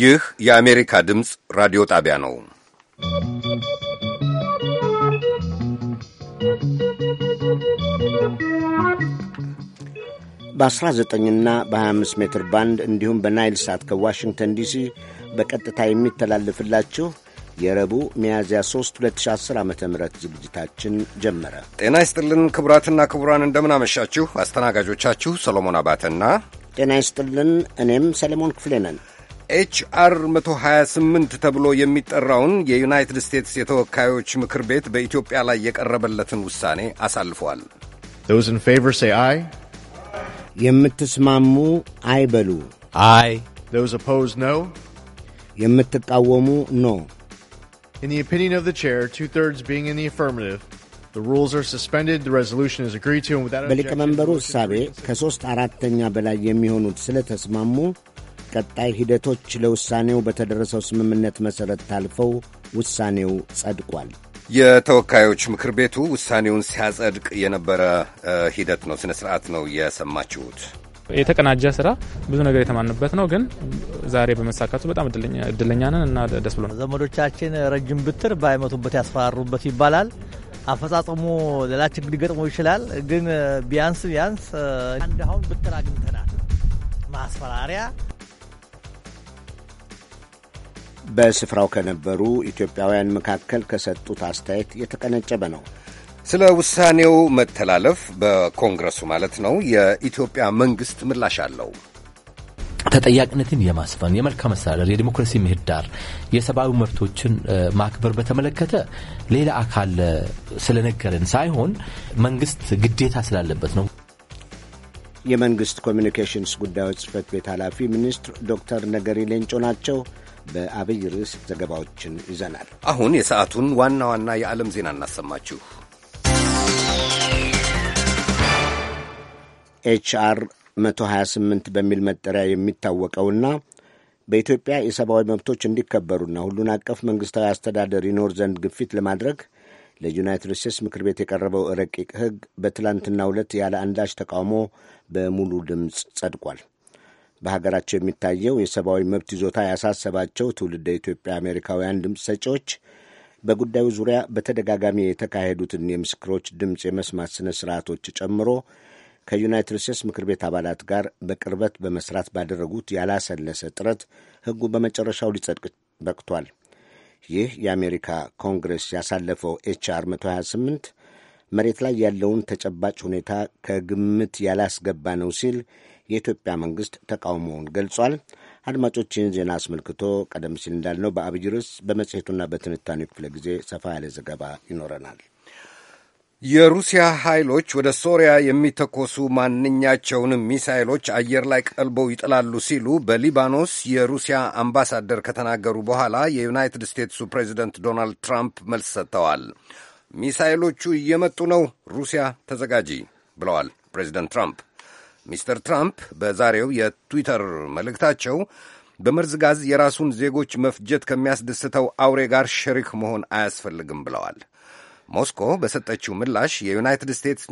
ይህ የአሜሪካ ድምፅ ራዲዮ ጣቢያ ነው። በ19ና በ25 ሜትር ባንድ እንዲሁም በናይል ሳት ከዋሽንግተን ዲሲ በቀጥታ የሚተላልፍላችሁ የረቡዕ ሚያዝያ 3 2010 ዓ ም ዝግጅታችን ጀመረ። ጤና ይስጥልን ክቡራትና ክቡራን፣ እንደምናመሻችሁ። አስተናጋጆቻችሁ ሰሎሞን አባተና ጤና ይስጥልን፣ እኔም ሰለሞን ክፍሌ ነን። ኤችአር 128 ተብሎ የሚጠራውን የዩናይትድ ስቴትስ የተወካዮች ምክር ቤት በኢትዮጵያ ላይ የቀረበለትን ውሳኔ አሳልፏል። የምትስማሙ አይ በሉ። አይ ዞዝ ኦፖዝ የምትቃወሙ ኖ። In the opinion of the chair, two-thirds being in በሊቀመንበሩ እሳቤ ከሦስት አራተኛ በላይ የሚሆኑት ስለ ተስማሙ ቀጣይ ሂደቶች ለውሳኔው በተደረሰው ስምምነት መሠረት ታልፈው ውሳኔው ጸድቋል። የተወካዮች ምክር ቤቱ ውሳኔውን ሲያጸድቅ የነበረ ሂደት ነው፣ ስነ ስርዓት ነው የሰማችሁት። የተቀናጀ ስራ ብዙ ነገር የተማንበት ነው። ግን ዛሬ በመሳካቱ በጣም እድለኛ ነን እና ደስ ብሎ ዘመዶቻችን ረጅም ብትር ባይመቱበት ያስፈራሩበት ይባላል። አፈጻጸሙ ሌላ ችግር ሊገጥሞ ይችላል። ግን ቢያንስ ቢያንስ አንድ አሁን ብትር አግኝተናል። ማስፈራሪያ በስፍራው ከነበሩ ኢትዮጵያውያን መካከል ከሰጡት አስተያየት የተቀነጨበ ነው። ስለ ውሳኔው መተላለፍ በኮንግረሱ ማለት ነው የኢትዮጵያ መንግስት ምላሽ አለው። ተጠያቂነትን የማስፈን የመልካም አስተዳደር የዲሞክራሲ ምህዳር የሰብአዊ መብቶችን ማክበር በተመለከተ ሌላ አካል ስለነገረን ሳይሆን መንግስት ግዴታ ስላለበት ነው። የመንግሥት ኮሚኒኬሽንስ ጉዳዮች ጽህፈት ቤት ኃላፊ ሚኒስትር ዶክተር ነገሪ ሌንጮ ናቸው። በአብይ ርዕስ ዘገባዎችን ይዘናል። አሁን የሰዓቱን ዋና ዋና የዓለም ዜና እናሰማችሁ። ኤችአር 128 በሚል መጠሪያ የሚታወቀውና በኢትዮጵያ የሰብአዊ መብቶች እንዲከበሩና ሁሉን አቀፍ መንግሥታዊ አስተዳደር ይኖር ዘንድ ግፊት ለማድረግ ለዩናይትድ ስቴትስ ምክር ቤት የቀረበው ረቂቅ ሕግ በትላንትና ሁለት ያለ አንዳች ተቃውሞ በሙሉ ድምፅ ጸድቋል። በሀገራቸው የሚታየው የሰብአዊ መብት ይዞታ ያሳሰባቸው ትውልደ ኢትዮጵያ አሜሪካውያን ድምፅ ሰጪዎች በጉዳዩ ዙሪያ በተደጋጋሚ የተካሄዱትን የምስክሮች ድምፅ የመስማት ስነ-ስርዓቶች ጨምሮ ከዩናይትድ ስቴትስ ምክር ቤት አባላት ጋር በቅርበት በመስራት ባደረጉት ያላሰለሰ ጥረት ሕጉ በመጨረሻው ሊጸድቅ በቅቷል። ይህ የአሜሪካ ኮንግረስ ያሳለፈው ኤችአር 128 መሬት ላይ ያለውን ተጨባጭ ሁኔታ ከግምት ያላስገባ ነው ሲል የኢትዮጵያ መንግሥት ተቃውሞውን ገልጿል። አድማጮች ዜና አስመልክቶ ቀደም ሲል እንዳልነው በአብይ ርዕስ በመጽሔቱና በትንታኔው ክፍለ ጊዜ ሰፋ ያለ ዘገባ ይኖረናል። የሩሲያ ኃይሎች ወደ ሶሪያ የሚተኮሱ ማንኛቸውንም ሚሳይሎች አየር ላይ ቀልበው ይጥላሉ ሲሉ በሊባኖስ የሩሲያ አምባሳደር ከተናገሩ በኋላ የዩናይትድ ስቴትሱ ፕሬዚደንት ዶናልድ ትራምፕ መልስ ሰጥተዋል። ሚሳይሎቹ እየመጡ ነው፣ ሩሲያ ተዘጋጂ ብለዋል ፕሬዚደንት ትራምፕ። ሚስተር ትራምፕ በዛሬው የትዊተር መልእክታቸው በመርዝ ጋዝ የራሱን ዜጎች መፍጀት ከሚያስደስተው አውሬ ጋር ሸሪክ መሆን አያስፈልግም ብለዋል። ሞስኮ በሰጠችው ምላሽ የዩናይትድ ስቴትስ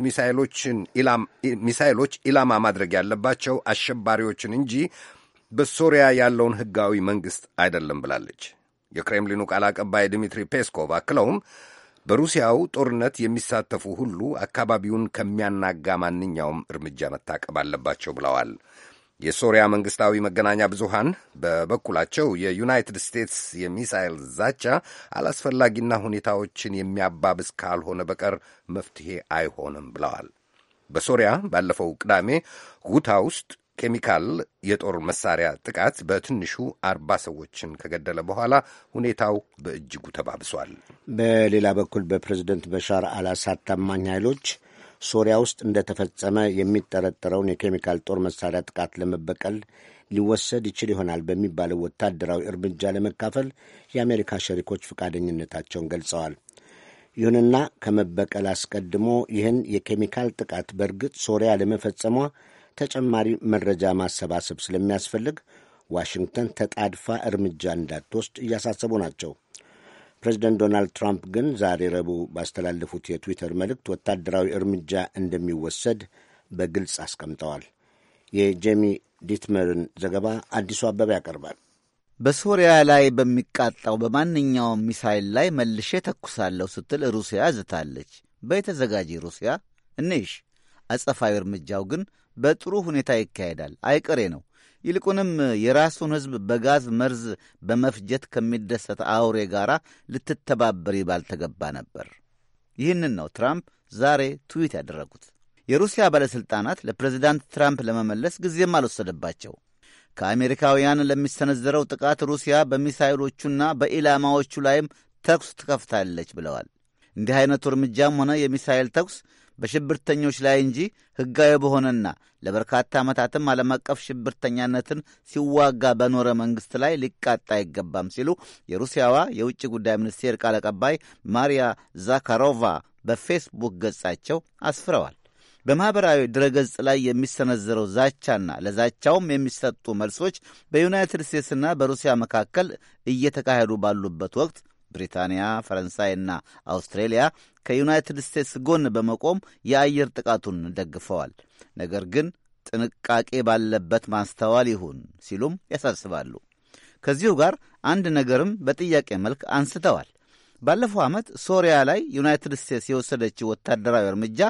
ሚሳይሎች ኢላማ ማድረግ ያለባቸው አሸባሪዎችን እንጂ በሶሪያ ያለውን ሕጋዊ መንግሥት አይደለም ብላለች። የክሬምሊኑ ቃል አቀባይ ድሚትሪ ፔስኮቭ አክለውም በሩሲያው ጦርነት የሚሳተፉ ሁሉ አካባቢውን ከሚያናጋ ማንኛውም እርምጃ መታቀብ አለባቸው ብለዋል። የሶሪያ መንግስታዊ መገናኛ ብዙሃን በበኩላቸው የዩናይትድ ስቴትስ የሚሳይል ዛቻ አላስፈላጊና ሁኔታዎችን የሚያባብስ ካልሆነ በቀር መፍትሄ አይሆንም ብለዋል። በሶሪያ ባለፈው ቅዳሜ ጉታ ውስጥ ኬሚካል የጦር መሳሪያ ጥቃት በትንሹ አርባ ሰዎችን ከገደለ በኋላ ሁኔታው በእጅጉ ተባብሷል። በሌላ በኩል በፕሬዝደንት በሻር አልአሳድ ታማኝ ኃይሎች ሶሪያ ውስጥ እንደተፈጸመ የሚጠረጠረውን የኬሚካል ጦር መሳሪያ ጥቃት ለመበቀል ሊወሰድ ይችል ይሆናል በሚባለው ወታደራዊ እርምጃ ለመካፈል የአሜሪካ ሸሪኮች ፈቃደኝነታቸውን ገልጸዋል። ይሁንና ከመበቀል አስቀድሞ ይህን የኬሚካል ጥቃት በእርግጥ ሶሪያ ለመፈጸሟ ተጨማሪ መረጃ ማሰባሰብ ስለሚያስፈልግ ዋሽንግተን ተጣድፋ እርምጃ እንዳትወስድ እያሳሰቡ ናቸው። ፕሬዚደንት ዶናልድ ትራምፕ ግን ዛሬ ረቡዕ ባስተላለፉት የትዊተር መልእክት ወታደራዊ እርምጃ እንደሚወሰድ በግልጽ አስቀምጠዋል። የጄሚ ዲትመርን ዘገባ አዲሱ አበባ ያቀርባል። በሶሪያ ላይ በሚቃጣው በማንኛውም ሚሳይል ላይ መልሼ ተኩሳለሁ ስትል ሩሲያ ዝታለች። በየተዘጋጀ ሩሲያ እንሽ አጸፋዊ እርምጃው ግን በጥሩ ሁኔታ ይካሄዳል፣ አይቀሬ ነው። ይልቁንም የራሱን ሕዝብ በጋዝ መርዝ በመፍጀት ከሚደሰት አውሬ ጋር ልትተባበር ባልተገባ ነበር። ይህንን ነው ትራምፕ ዛሬ ትዊት ያደረጉት። የሩሲያ ባለሥልጣናት ለፕሬዚዳንት ትራምፕ ለመመለስ ጊዜም አልወሰደባቸው። ከአሜሪካውያን ለሚሰነዘረው ጥቃት ሩሲያ በሚሳይሎቹና በኢላማዎቹ ላይም ተኩስ ትከፍታለች ብለዋል። እንዲህ አይነቱ እርምጃም ሆነ የሚሳይል ተኩስ በሽብርተኞች ላይ እንጂ ሕጋዊ በሆነና ለበርካታ ዓመታትም ዓለም አቀፍ ሽብርተኛነትን ሲዋጋ በኖረ መንግሥት ላይ ሊቃጣ አይገባም ሲሉ የሩሲያዋ የውጭ ጉዳይ ሚኒስቴር ቃል አቀባይ ማሪያ ዛካሮቫ በፌስቡክ ገጻቸው አስፍረዋል። በማኅበራዊ ድረገጽ ላይ የሚሰነዘረው ዛቻና ለዛቻውም የሚሰጡ መልሶች በዩናይትድ ስቴትስና በሩሲያ መካከል እየተካሄዱ ባሉበት ወቅት ብሪታንያ፣ ፈረንሳይና አውስትሬሊያ ከዩናይትድ ስቴትስ ጎን በመቆም የአየር ጥቃቱን ደግፈዋል። ነገር ግን ጥንቃቄ ባለበት ማስተዋል ይሁን ሲሉም ያሳስባሉ። ከዚሁ ጋር አንድ ነገርም በጥያቄ መልክ አንስተዋል። ባለፈው ዓመት ሶሪያ ላይ ዩናይትድ ስቴትስ የወሰደችው ወታደራዊ እርምጃ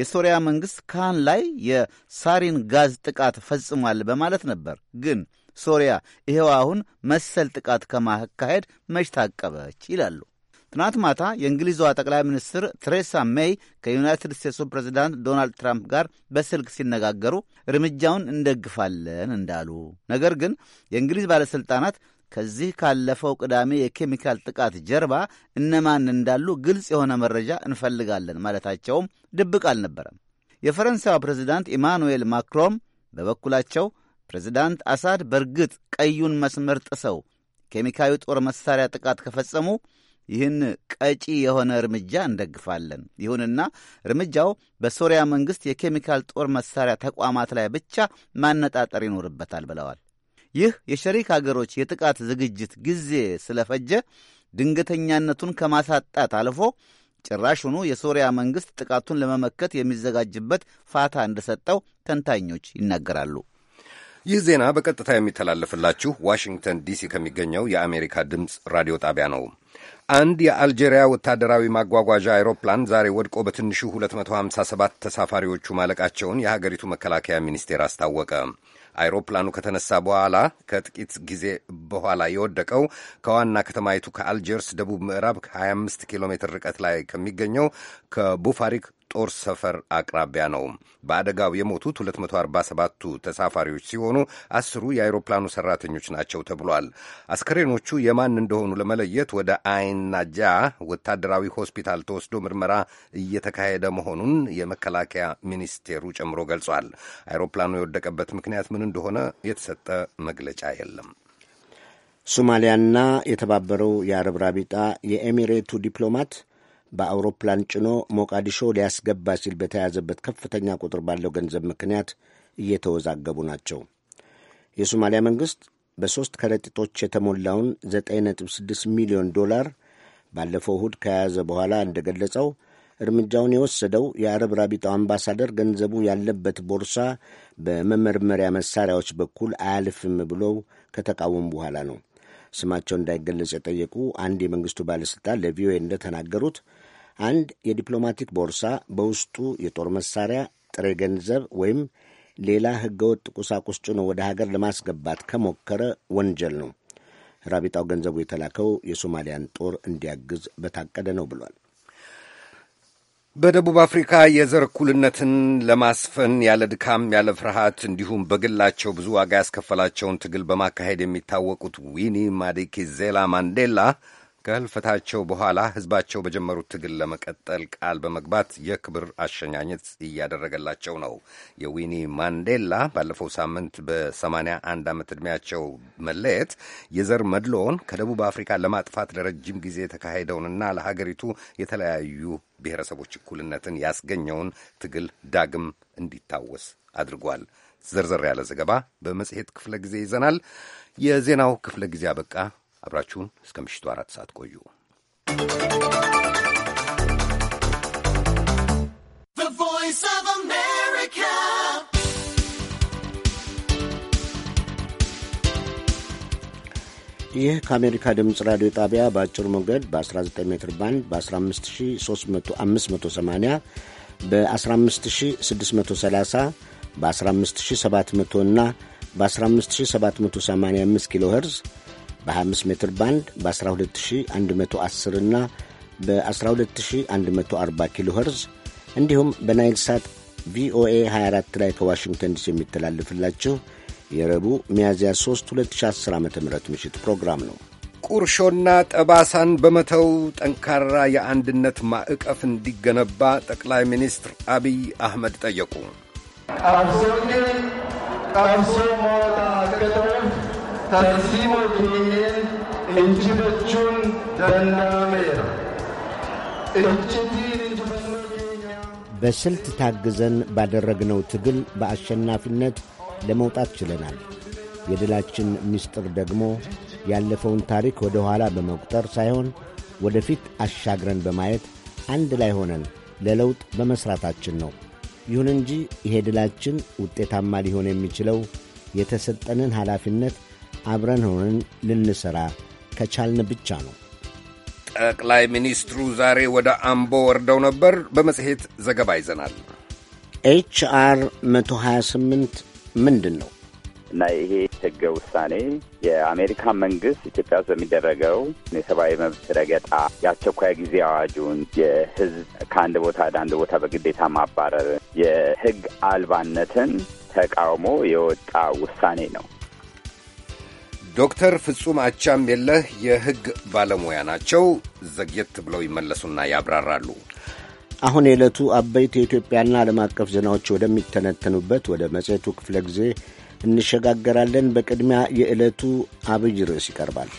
የሶሪያ መንግሥት ካህን ላይ የሳሪን ጋዝ ጥቃት ፈጽሟል በማለት ነበር ግን ሶሪያ ይኸው አሁን መሰል ጥቃት ከማካሄድ መች ታቀበች ይላሉ። ትናንት ማታ የእንግሊዟ ጠቅላይ ሚኒስትር ቴሬሳ ሜይ ከዩናይትድ ስቴትሱ ፕሬዚዳንት ዶናልድ ትራምፕ ጋር በስልክ ሲነጋገሩ እርምጃውን እንደግፋለን እንዳሉ፣ ነገር ግን የእንግሊዝ ባለሥልጣናት ከዚህ ካለፈው ቅዳሜ የኬሚካል ጥቃት ጀርባ እነማን እንዳሉ ግልጽ የሆነ መረጃ እንፈልጋለን ማለታቸውም ድብቅ አልነበረም። የፈረንሳዩ ፕሬዚዳንት ኢማኑኤል ማክሮን በበኩላቸው ፕሬዚዳንት አሳድ በእርግጥ ቀዩን መስመር ጥሰው ኬሚካዊ ጦር መሳሪያ ጥቃት ከፈጸሙ ይህን ቀጪ የሆነ እርምጃ እንደግፋለን። ይሁንና እርምጃው በሶሪያ መንግሥት የኬሚካል ጦር መሳሪያ ተቋማት ላይ ብቻ ማነጣጠር ይኖርበታል ብለዋል። ይህ የሸሪክ አገሮች የጥቃት ዝግጅት ጊዜ ስለፈጀ ድንገተኛነቱን ከማሳጣት አልፎ ጭራሹኑ የሶሪያ መንግሥት ጥቃቱን ለመመከት የሚዘጋጅበት ፋታ እንደሰጠው ተንታኞች ይናገራሉ። ይህ ዜና በቀጥታ የሚተላለፍላችሁ ዋሽንግተን ዲሲ ከሚገኘው የአሜሪካ ድምፅ ራዲዮ ጣቢያ ነው። አንድ የአልጄሪያ ወታደራዊ ማጓጓዣ አይሮፕላን ዛሬ ወድቆ በትንሹ 257 ተሳፋሪዎቹ ማለቃቸውን የሀገሪቱ መከላከያ ሚኒስቴር አስታወቀ። አይሮፕላኑ ከተነሳ በኋላ ከጥቂት ጊዜ በኋላ የወደቀው ከዋና ከተማይቱ ከአልጀርስ ደቡብ ምዕራብ 25 ኪሎ ሜትር ርቀት ላይ ከሚገኘው ከቡፋሪክ ጦር ሰፈር አቅራቢያ ነው። በአደጋው የሞቱት 247ቱ ተሳፋሪዎች ሲሆኑ አስሩ የአይሮፕላኑ ሰራተኞች ናቸው ተብሏል። አስከሬኖቹ የማን እንደሆኑ ለመለየት ወደ አይናጃ ወታደራዊ ሆስፒታል ተወስዶ ምርመራ እየተካሄደ መሆኑን የመከላከያ ሚኒስቴሩ ጨምሮ ገልጿል። አይሮፕላኑ የወደቀበት ምክንያት ምን እንደሆነ የተሰጠ መግለጫ የለም። ሶማሊያና የተባበረው የአረብ ራቢጣ የኤሚሬቱ ዲፕሎማት በአውሮፕላን ጭኖ ሞቃዲሾ ሊያስገባ ሲል በተያዘበት ከፍተኛ ቁጥር ባለው ገንዘብ ምክንያት እየተወዛገቡ ናቸው። የሶማሊያ መንግሥት በሦስት ከረጢቶች የተሞላውን 9.6 ሚሊዮን ዶላር ባለፈው እሁድ ከያዘ በኋላ እንደገለጸው እርምጃውን የወሰደው የአረብ ራቢጣው አምባሳደር ገንዘቡ ያለበት ቦርሳ በመመርመሪያ መሳሪያዎች በኩል አያልፍም ብለው ከተቃወሙ በኋላ ነው። ስማቸው እንዳይገለጽ የጠየቁ አንድ የመንግስቱ ባለሥልጣን ለቪኦኤ እንደተናገሩት አንድ የዲፕሎማቲክ ቦርሳ በውስጡ የጦር መሳሪያ፣ ጥሬ ገንዘብ ወይም ሌላ ህገወጥ ቁሳቁስ ጭኖ ወደ ሀገር ለማስገባት ከሞከረ ወንጀል ነው። ራቢጣው ገንዘቡ የተላከው የሶማሊያን ጦር እንዲያግዝ በታቀደ ነው ብሏል። በደቡብ አፍሪካ የዘር እኩልነትን ለማስፈን ያለ ድካም ያለ ፍርሃት እንዲሁም በግላቸው ብዙ ዋጋ ያስከፈላቸውን ትግል በማካሄድ የሚታወቁት ዊኒ ማዲኪዜላ ማንዴላ ከህልፈታቸው በኋላ ህዝባቸው በጀመሩት ትግል ለመቀጠል ቃል በመግባት የክብር አሸኛኘት እያደረገላቸው ነው። የዊኒ ማንዴላ ባለፈው ሳምንት በ አንድ ዓመት ዕድሜያቸው መለየት የዘር መድሎውን ከደቡብ አፍሪካ ለማጥፋት ለረጅም ጊዜ የተካሄደውንና ለሀገሪቱ የተለያዩ ብሔረሰቦች እኩልነትን ያስገኘውን ትግል ዳግም እንዲታወስ አድርጓል። ዘርዘር ያለ ዘገባ በመጽሔት ክፍለ ጊዜ ይዘናል። የዜናው ክፍለ ጊዜ አበቃ። አብራችሁን እስከ ምሽቱ አራት ሰዓት ቆዩ። ይህ ከአሜሪካ ድምፅ ራዲዮ ጣቢያ በአጭር ሞገድ በ19 ሜትር ባንድ በ15580 በ15630 በ15700 እና በ15785 ኪሎ ኸርዝ በ25 ሜትር ባንድ በ12110 እና በ12140 ኪሎ ኸርዝ እንዲሁም በናይል ሳት ቪኦኤ 24 ላይ ከዋሽንግተን ዲሲ የሚተላልፍላችሁ የረቡዕ ሚያዝያ 3 2010 ዓ ም ምሽት ፕሮግራም ነው። ቁርሾና ጠባሳን በመተው ጠንካራ የአንድነት ማዕቀፍ እንዲገነባ ጠቅላይ ሚኒስትር አቢይ አህመድ ጠየቁ። ቀብሶ ቀብሶ ሞላ በስልት ታግዘን ባደረግነው ትግል በአሸናፊነት ለመውጣት ችለናል። የድላችን ምስጢር ደግሞ ያለፈውን ታሪክ ወደ ኋላ በመቁጠር ሳይሆን ወደፊት አሻግረን በማየት አንድ ላይ ሆነን ለለውጥ በመሥራታችን ነው። ይሁን እንጂ ይሄ ድላችን ውጤታማ ሊሆን የሚችለው የተሰጠንን ኃላፊነት አብረን ሆነን ልንሠራ ከቻልን ብቻ ነው። ጠቅላይ ሚኒስትሩ ዛሬ ወደ አምቦ ወርደው ነበር። በመጽሔት ዘገባ ይዘናል። ኤች አር 128 ምንድን ነው እና ይሄ ህገ ውሳኔ የአሜሪካ መንግስት ኢትዮጵያ ውስጥ በሚደረገው የሰብአዊ መብት ረገጣ የአስቸኳይ ጊዜ አዋጁን፣ የህዝብ ከአንድ ቦታ ወደ አንድ ቦታ በግዴታ ማባረር፣ የህግ አልባነትን ተቃውሞ የወጣ ውሳኔ ነው። ዶክተር ፍጹም አቻም የለህ የሕግ ባለሙያ ናቸው። ዘግየት ብለው ይመለሱና ያብራራሉ። አሁን የዕለቱ አበይት የኢትዮጵያና ዓለም አቀፍ ዜናዎች ወደሚተነተኑበት ወደ መጽሔቱ ክፍለ ጊዜ እንሸጋገራለን። በቅድሚያ የዕለቱ አብይ ርዕስ ይቀርባል።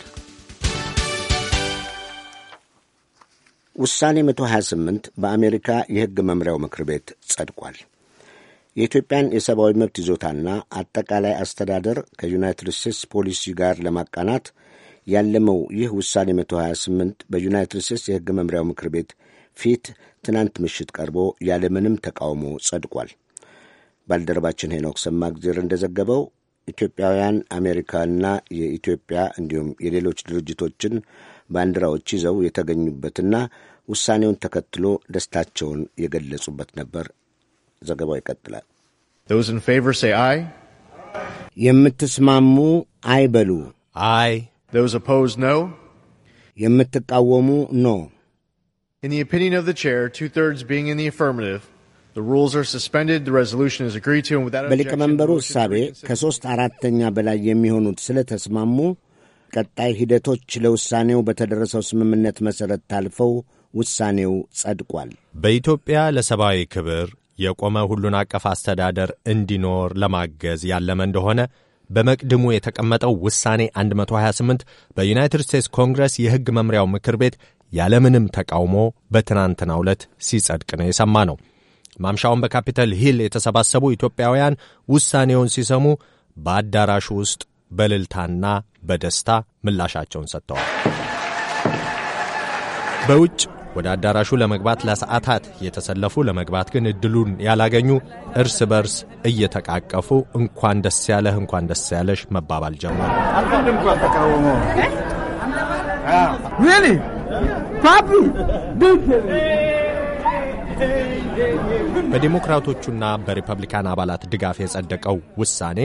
ውሳኔ 128 በአሜሪካ የሕግ መምሪያው ምክር ቤት ጸድቋል። የኢትዮጵያን የሰብአዊ መብት ይዞታና አጠቃላይ አስተዳደር ከዩናይትድ ስቴትስ ፖሊሲ ጋር ለማቃናት ያለመው ይህ ውሳኔ 128 በዩናይትድ ስቴትስ የሕግ መምሪያው ምክር ቤት ፊት ትናንት ምሽት ቀርቦ ያለምንም ተቃውሞ ጸድቋል። ባልደረባችን ሄኖክ ሰማግዜር እንደዘገበው ኢትዮጵያውያን አሜሪካና የኢትዮጵያ እንዲሁም የሌሎች ድርጅቶችን ባንዲራዎች ይዘው የተገኙበትና ውሳኔውን ተከትሎ ደስታቸውን የገለጹበት ነበር። ዘገባው ይቀጥላል። የምትስማሙ አይ በሉ። አይ የምትቃወሙ ኖ። በሉ the opinion of the chair, two-thirds being in the affirmative, the በሊቀመንበሩ እሳቤ ከሦስት አራተኛ በላይ የሚሆኑት ስለተስማሙ ቀጣይ ሂደቶች ለውሳኔው በተደረሰው ስምምነት መሠረት ታልፈው ውሳኔው ጸድቋል። በኢትዮጵያ ለሰብአዊ ክብር የቆመ ሁሉን አቀፍ አስተዳደር እንዲኖር ለማገዝ ያለመ እንደሆነ በመቅድሙ የተቀመጠው ውሳኔ 128 በዩናይትድ ስቴትስ ኮንግረስ የሕግ መምሪያው ምክር ቤት ያለምንም ተቃውሞ በትናንትናው ዕለት ሲጸድቅ ነው የሰማ ነው። ማምሻውን በካፒተል ሂል የተሰባሰቡ ኢትዮጵያውያን ውሳኔውን ሲሰሙ በአዳራሹ ውስጥ በልልታና በደስታ ምላሻቸውን ሰጥተዋል። በውጭ ወደ አዳራሹ ለመግባት ለሰዓታት የተሰለፉ ለመግባት ግን እድሉን ያላገኙ እርስ በርስ እየተቃቀፉ እንኳን ደስ ያለህ እንኳን ደስ ያለሽ መባባል ጀመሩ። በዴሞክራቶቹና በሪፐብሊካን አባላት ድጋፍ የጸደቀው ውሳኔ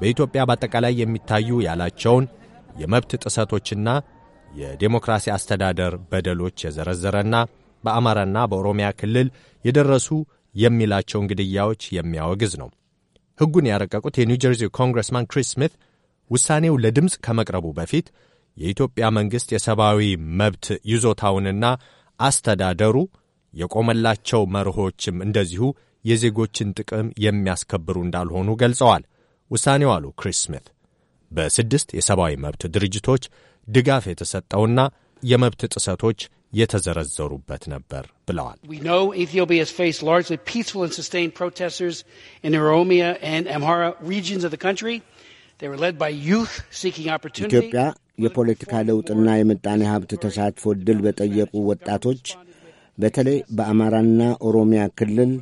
በኢትዮጵያ በአጠቃላይ የሚታዩ ያላቸውን የመብት ጥሰቶችና የዴሞክራሲ አስተዳደር በደሎች የዘረዘረና በአማራና በኦሮሚያ ክልል የደረሱ የሚላቸውን ግድያዎች የሚያወግዝ ነው። ሕጉን ያረቀቁት የኒውጀርዚው ኮንግረስማን ክሪስ ስሚት ውሳኔው ለድምፅ ከመቅረቡ በፊት የኢትዮጵያ መንግሥት የሰብአዊ መብት ይዞታውንና አስተዳደሩ የቆመላቸው መርሆችም እንደዚሁ የዜጎችን ጥቅም የሚያስከብሩ እንዳልሆኑ ገልጸዋል። ውሳኔው አሉ ክሪስ ስሚት በስድስት የሰብአዊ መብት ድርጅቶች ድጋፍ የተሰጠውና የመብት ጥሰቶች የተዘረዘሩበት ነበር ብለዋል። ኢትዮጵያ የፖለቲካ ለውጥና የምጣኔ ሀብት ተሳትፎ ድል በጠየቁ ወጣቶች በተለይ በአማራና ኦሮሚያ ክልል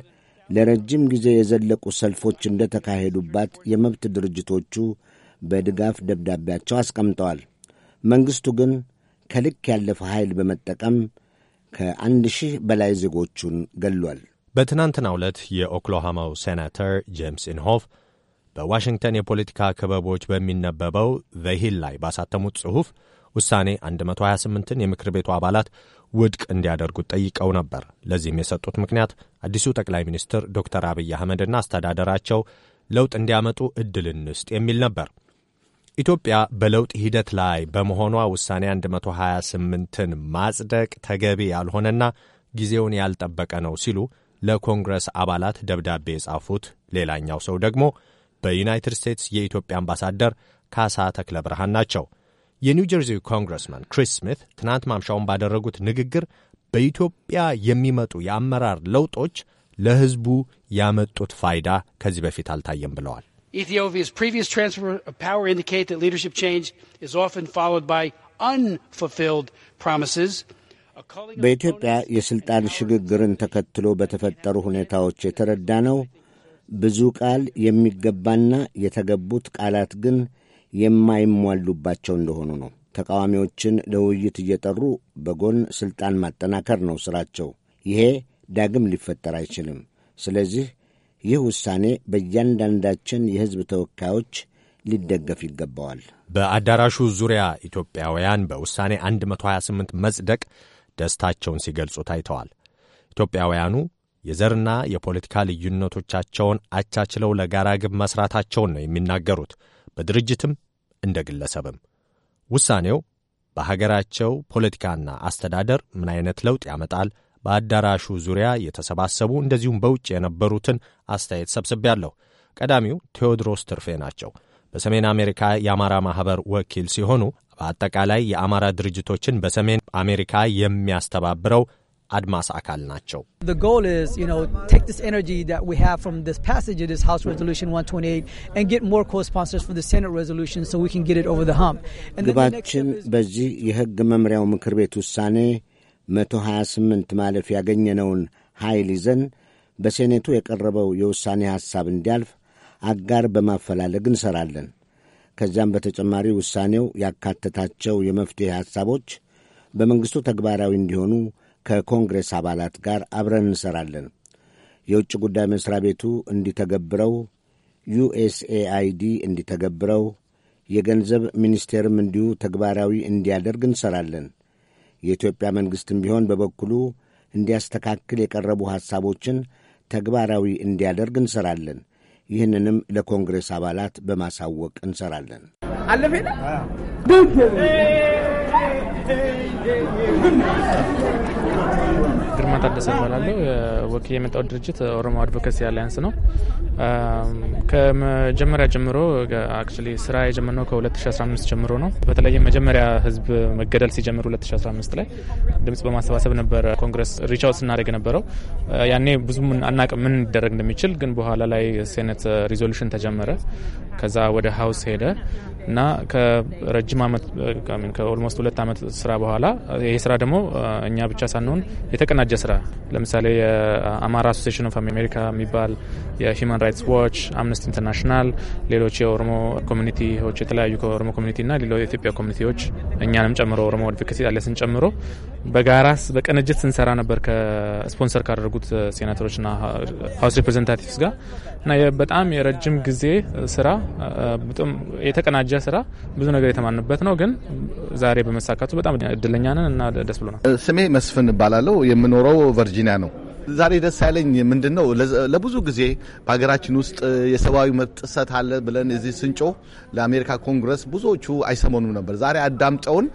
ለረጅም ጊዜ የዘለቁ ሰልፎች እንደተካሄዱባት የመብት ድርጅቶቹ በድጋፍ ደብዳቤያቸው አስቀምጠዋል። መንግሥቱ ግን ከልክ ያለፈ ኃይል በመጠቀም ከአንድ ሺህ በላይ ዜጎቹን ገሏል። በትናንትናው ዕለት የኦክሎሃማው ሴናተር ጄምስ ኢንሆፍ በዋሽንግተን የፖለቲካ ክበቦች በሚነበበው ዘሂል ላይ ባሳተሙት ጽሑፍ ውሳኔ 128ን የምክር ቤቱ አባላት ውድቅ እንዲያደርጉት ጠይቀው ነበር። ለዚህም የሰጡት ምክንያት አዲሱ ጠቅላይ ሚኒስትር ዶክተር አብይ አህመድና አስተዳደራቸው ለውጥ እንዲያመጡ ዕድል እንስጥ የሚል ነበር። ኢትዮጵያ በለውጥ ሂደት ላይ በመሆኗ ውሳኔ 128ን ማጽደቅ ተገቢ ያልሆነና ጊዜውን ያልጠበቀ ነው ሲሉ ለኮንግረስ አባላት ደብዳቤ የጻፉት ሌላኛው ሰው ደግሞ በዩናይትድ ስቴትስ የኢትዮጵያ አምባሳደር ካሳ ተክለ ብርሃን ናቸው። የኒው ጀርዚ ኮንግረስማን ክሪስ ስሚት ትናንት ማምሻውን ባደረጉት ንግግር በኢትዮጵያ የሚመጡ የአመራር ለውጦች ለሕዝቡ ያመጡት ፋይዳ ከዚህ በፊት አልታየም ብለዋል። Ethiopia's previous transfer of power indicate that leadership change is often followed by unfulfilled promises. በኢትዮጵያ የሥልጣን ሽግግርን ተከትሎ በተፈጠሩ ሁኔታዎች የተረዳ ነው። ብዙ ቃል የሚገባና የተገቡት ቃላት ግን የማይሟሉባቸው እንደሆኑ ነው። ተቃዋሚዎችን ለውይይት እየጠሩ በጎን ሥልጣን ማጠናከር ነው ሥራቸው። ይሄ ዳግም ሊፈጠር አይችልም። ስለዚህ ይህ ውሳኔ በእያንዳንዳችን የሕዝብ ተወካዮች ሊደገፍ ይገባዋል። በአዳራሹ ዙሪያ ኢትዮጵያውያን በውሳኔ 128 መጽደቅ ደስታቸውን ሲገልጹ ታይተዋል። ኢትዮጵያውያኑ የዘርና የፖለቲካ ልዩነቶቻቸውን አቻችለው ለጋራ ግብ መሥራታቸውን ነው የሚናገሩት በድርጅትም እንደ ግለሰብም። ውሳኔው በሀገራቸው ፖለቲካና አስተዳደር ምን አይነት ለውጥ ያመጣል በአዳራሹ ዙሪያ የተሰባሰቡ እንደዚሁም በውጭ የነበሩትን አስተያየት ሰብስቤያለሁ። ቀዳሚው ቴዎድሮስ ትርፌ ናቸው። በሰሜን አሜሪካ የአማራ ማኅበር ወኪል ሲሆኑ በአጠቃላይ የአማራ ድርጅቶችን በሰሜን አሜሪካ የሚያስተባብረው አድማስ አካል ናቸው። ግባችን በዚህ የሕግ መምሪያው ምክር ቤት ውሳኔ መቶ ማለፍ ያገኘነውን ኃይል ይዘን በሴኔቱ የቀረበው የውሳኔ ሐሳብ እንዲያልፍ አጋር በማፈላለግ እንሠራለን። ከዚያም በተጨማሪ ውሳኔው ያካተታቸው የመፍትሔ ሐሳቦች በመንግሥቱ ተግባራዊ እንዲሆኑ ከኮንግሬስ አባላት ጋር አብረን እንሠራለን። የውጭ ጉዳይ መሥሪያ ቤቱ እንዲተገብረው፣ ዩኤስኤአይዲ እንዲተገብረው፣ የገንዘብ ሚኒስቴርም እንዲሁ ተግባራዊ እንዲያደርግ እንሠራለን። የኢትዮጵያ መንግሥትም ቢሆን በበኩሉ እንዲያስተካክል የቀረቡ ሐሳቦችን ተግባራዊ እንዲያደርግ እንሰራለን። ይህንንም ለኮንግሬስ አባላት በማሳወቅ እንሰራለን። አለፌ ግርማ ታደሰ እባላለሁ። የመጣው ድርጅት ኦሮሞ አድቮኬሲ አሊያንስ ነው። ከመጀመሪያ ጀምሮ አክቹሊ ስራ የጀመርነው ከ2015 ጀምሮ ነው። በተለይ መጀመሪያ ህዝብ መገደል ሲጀምር 2015 ላይ ድምጽ በማሰባሰብ ነበረ ኮንግረስ ሪቻውት ስናደርግ ነበረው። ያኔ ብዙም አናቅ ምን ሊደረግ እንደሚችል፣ ግን በኋላ ላይ ሴኔት ሪዞሉሽን ተጀመረ። ከዛ ወደ ሀውስ ሄደ እና ከረጅም አመት ከኦልሞስት ሁለት አመት ስራ በኋላ ይህ ስራ ደግሞ እኛ ብቻ ሳንሆን የተቀና የተቀናጀ ስራ ለምሳሌ የአማራ አሶሴሽን ኦፍ አሜሪካ የሚባል የሂውማን ራይትስ ዋች፣ አምነስቲ ኢንተርናሽናል፣ ሌሎች የኦሮሞ ኮሚኒቲዎች የተለያዩ ከኦሮሞ ኮሚኒቲና ሌሎ የኢትዮጵያ ኮሚኒቲዎች እኛንም ጨምሮ ኦሮሞ አድቮኬሲ አሊያስን ጨምሮ በጋራስ በቅንጅት ስንሰራ ነበር ከስፖንሰር ካደረጉት ሴናተሮችና ሀውስ ሪፕሬዘንታቲቭስ ጋር እና በጣም የረጅም ጊዜ ስራ በጣም የተቀናጀ ስራ ብዙ ነገር የተማንበት ነው። ግን ዛሬ በመሳካቱ በጣም እድለኛ ነን እና ደስ ብሎናል። ስሜ መስፍን እባላለሁ። የምኖረው ቨርጂኒያ ነው። ዛሬ ደስ ያለኝ ምንድን ነው፣ ለብዙ ጊዜ በሀገራችን ውስጥ የሰብአዊ መብት ጥሰት አለ ብለን እዚህ ስንጮ ለአሜሪካ ኮንግረስ ብዙዎቹ አይሰሞኑም ነበር። ዛሬ አዳምጠውን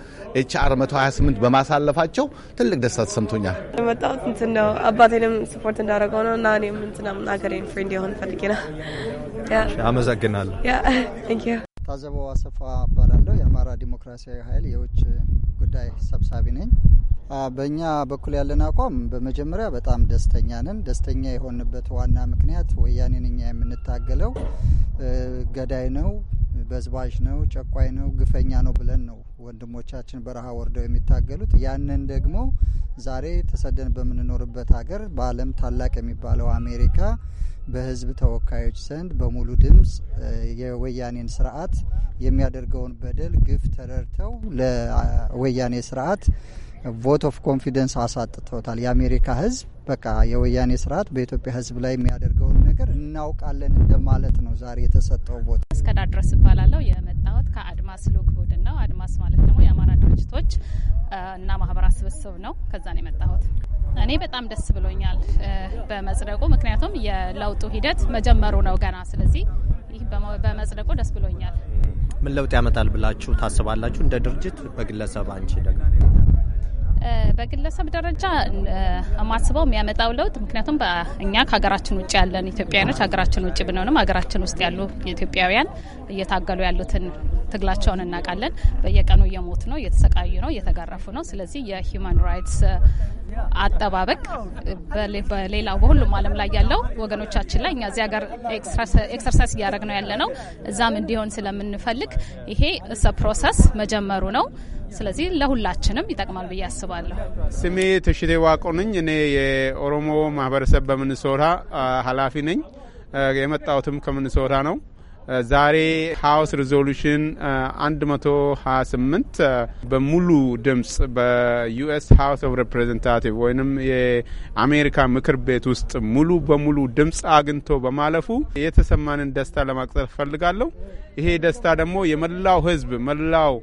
ኤችአር 128 በማሳለፋቸው ትልቅ ደስታ ተሰምቶኛል። በጣም እንትን ነው አባቴንም ስፖርት እንዳደረገው ነው እና እኔም እንትናም ሀገሬን ፍሬንድ የሆን ፈልጌ ነው። አመሰግናለሁ። ታዘበው አሰፋ እባላለሁ። የአማራ ዲሞክራሲያዊ ኃይል የውጭ ጉዳይ ሰብሳቢ ነኝ። በእኛ በኩል ያለን አቋም በመጀመሪያ በጣም ደስተኛ ነን። ደስተኛ የሆንበት ዋና ምክንያት ወያኔን እኛ የምንታገለው ገዳይ ነው፣ በዝባዥ ነው፣ ጨቋይ ነው፣ ግፈኛ ነው ብለን ነው ወንድሞቻችን በረሃ ወርደው የሚታገሉት። ያንን ደግሞ ዛሬ ተሰደን በምንኖርበት ሀገር በዓለም ታላቅ የሚባለው አሜሪካ በህዝብ ተወካዮች ዘንድ በሙሉ ድምፅ የወያኔን ስርዓት የሚያደርገውን በደል ግፍ ተረድተው ለወያኔ ስርዓት ቮት ኦፍ ኮንፊደንስ አሳጥቶታል። የአሜሪካ ህዝብ በቃ የወያኔ ስርዓት በኢትዮጵያ ህዝብ ላይ የሚያደርገውን ነገር እናውቃለን እንደማለት ነው። ዛሬ የተሰጠው ቦት። እስከዳ ድረስ ይባላለው። የመጣሁት ከአድማስ ሎክ ቡድን ነው። አድማስ ማለት ደግሞ የአማራ ድርጅቶች እና ማህበራት ስብስብ ነው። ከዛ ነው የመጣሁት። እኔ በጣም ደስ ብሎኛል በመጽደቁ፣ ምክንያቱም የለውጡ ሂደት መጀመሩ ነው ገና። ስለዚህ ይህ በመጽደቁ ደስ ብሎኛል። ምን ለውጥ ያመጣል ብላችሁ ታስባላችሁ? እንደ ድርጅት በግለሰብ አንቺ ደግሞ በግለሰብ ደረጃ ማስበው የሚያመጣው ለውጥ ምክንያቱም እኛ ከሀገራችን ውጭ ያለን ኢትዮጵያውያኖች ሀገራችን ውጭ ብንሆንም ሀገራችን ውስጥ ያሉ ኢትዮጵያውያን እየታገሉ ያሉትን ትግላቸውን እናውቃለን። በየቀኑ እየሞቱ ነው፣ እየተሰቃዩ ነው፣ እየተጋረፉ ነው። ስለዚህ የሂዩማን ራይትስ አጠባበቅ በሌላው በሁሉም ዓለም ላይ ያለው ወገኖቻችን ላይ እኛ እዚህ ሀገር ኤክሰርሳይዝ እያደረግ ነው ያለ ነው። እዛም እንዲሆን ስለምንፈልግ ይሄ እሰ ፕሮሰስ መጀመሩ ነው። ስለዚህ ለሁላችንም ይጠቅማል ብዬ አስባለሁ። ስሜ ትሽቴ ዋቆ ነኝ። እኔ የኦሮሞ ማህበረሰብ በምንሶራ ኃላፊ ነኝ። የመጣሁትም ከምንሶራ ነው። ዛሬ ሀውስ ሪዞሉሽን 128 በሙሉ ድምጽ በዩኤስ ሀውስ ኦፍ ሬፕሬዘንታቲቭ ወይም የአሜሪካ ምክር ቤት ውስጥ ሙሉ በሙሉ ድምጽ አግኝቶ በማለፉ የተሰማንን ደስታ ለማቅጠር ፈልጋለሁ። ይሄ ደስታ ደግሞ የመላው ህዝብ መላው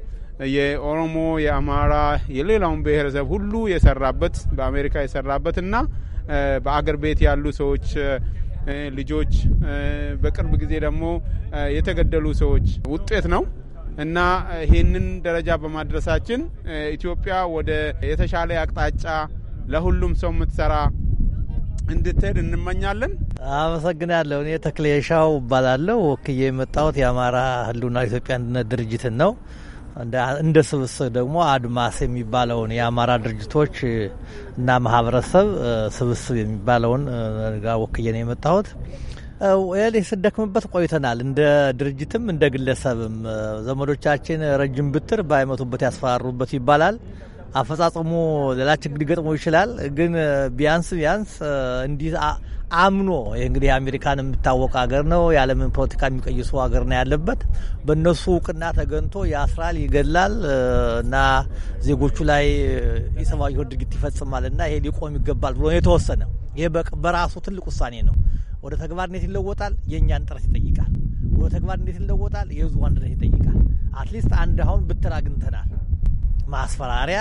የኦሮሞ፣ የአማራ፣ የሌላውን ብሔረሰብ ሁሉ የሰራበት በአሜሪካ የሰራበት እና በአገር ቤት ያሉ ሰዎች ልጆች፣ በቅርብ ጊዜ ደግሞ የተገደሉ ሰዎች ውጤት ነው እና ይህንን ደረጃ በማድረሳችን ኢትዮጵያ ወደ የተሻለ አቅጣጫ ለሁሉም ሰው የምትሰራ እንድትሄድ እንመኛለን። አመሰግናለሁ። እኔ ተክሌሻው እባላለሁ። ወክዬ የመጣሁት የአማራ ሕልውና ኢትዮጵያ አንድነት ድርጅትን ነው። እንደ ስብስብ ደግሞ አድማስ የሚባለውን የአማራ ድርጅቶች እና ማህበረሰብ ስብስብ የሚባለውን ጋር ወክዬ ነው የመጣሁት። ወያሌ ስደክምበት ቆይተናል። እንደ ድርጅትም እንደ ግለሰብም ዘመዶቻችን ረጅም ብትር ባይመቱበት ያስፈራሩበት ይባላል። አፈጻጸሙ ሌላ ችግር ሊገጥሞ ይችላል። ግን ቢያንስ ቢያንስ እንዲህ አምኖ እንግዲህ አሜሪካን የሚታወቅ ሀገር ነው። የዓለምን ፖለቲካ የሚቀይሱ ሀገር ነው ያለበት። በእነሱ እውቅና ተገንቶ ያስራል፣ ይገላል እና ዜጎቹ ላይ የሰብአዊ ድርጊት ይፈጽማል እና ይሄ ሊቆም ይገባል ብሎ የተወሰነ። ይሄ በራሱ ትልቅ ውሳኔ ነው። ወደ ተግባር እንዴት ይለወጣል? የእኛን ጥረት ይጠይቃል። ወደ ተግባር እንዴት ይለወጣል? የህዝቡ አንድነት ይጠይቃል። አትሊስት አንድ አሁን ብትር አግኝተናል። ማስፈራሪያ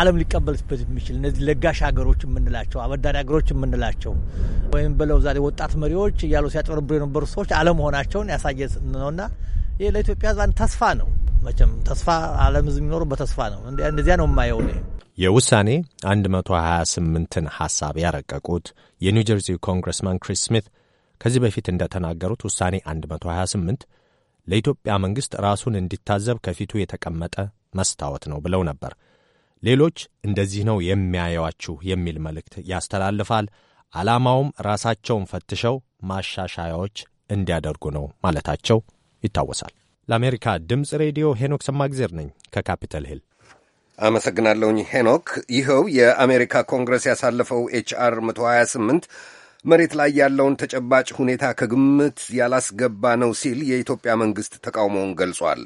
ዓለም ሊቀበልበት የሚችል እነዚህ ለጋሽ ሀገሮች የምንላቸው አበዳሪ ሀገሮች የምንላቸው ወይም ብለው ዛሬ ወጣት መሪዎች እያሉ ሲያጭበረብሩ የነበሩ ሰዎች አለመሆናቸውን ያሳየ ነውና ይህ ለኢትዮጵያ ዛን ተስፋ ነው። መቼም ተስፋ ዓለም ሕዝብ የሚኖሩ በተስፋ ነው። እንደዚያ ነው የማየው የውሳኔ 128ን ሐሳብ ያረቀቁት የኒው ጀርዚ ኮንግረስማን ክሪስ ስሚት ከዚህ በፊት እንደተናገሩት ውሳኔ 128 ለኢትዮጵያ መንግሥት ራሱን እንዲታዘብ ከፊቱ የተቀመጠ መስታወት ነው ብለው ነበር። ሌሎች እንደዚህ ነው የሚያዩዋችሁ የሚል መልእክት ያስተላልፋል። ዓላማውም ራሳቸውን ፈትሸው ማሻሻያዎች እንዲያደርጉ ነው ማለታቸው ይታወሳል። ለአሜሪካ ድምፅ ሬዲዮ ሄኖክ ሰማግዜር ነኝ ከካፒተል ሂል አመሰግናለሁኝ። ሄኖክ ይኸው የአሜሪካ ኮንግረስ ያሳለፈው ኤችአር 128 መሬት ላይ ያለውን ተጨባጭ ሁኔታ ከግምት ያላስገባ ነው ሲል የኢትዮጵያ መንግሥት ተቃውሞውን ገልጿል።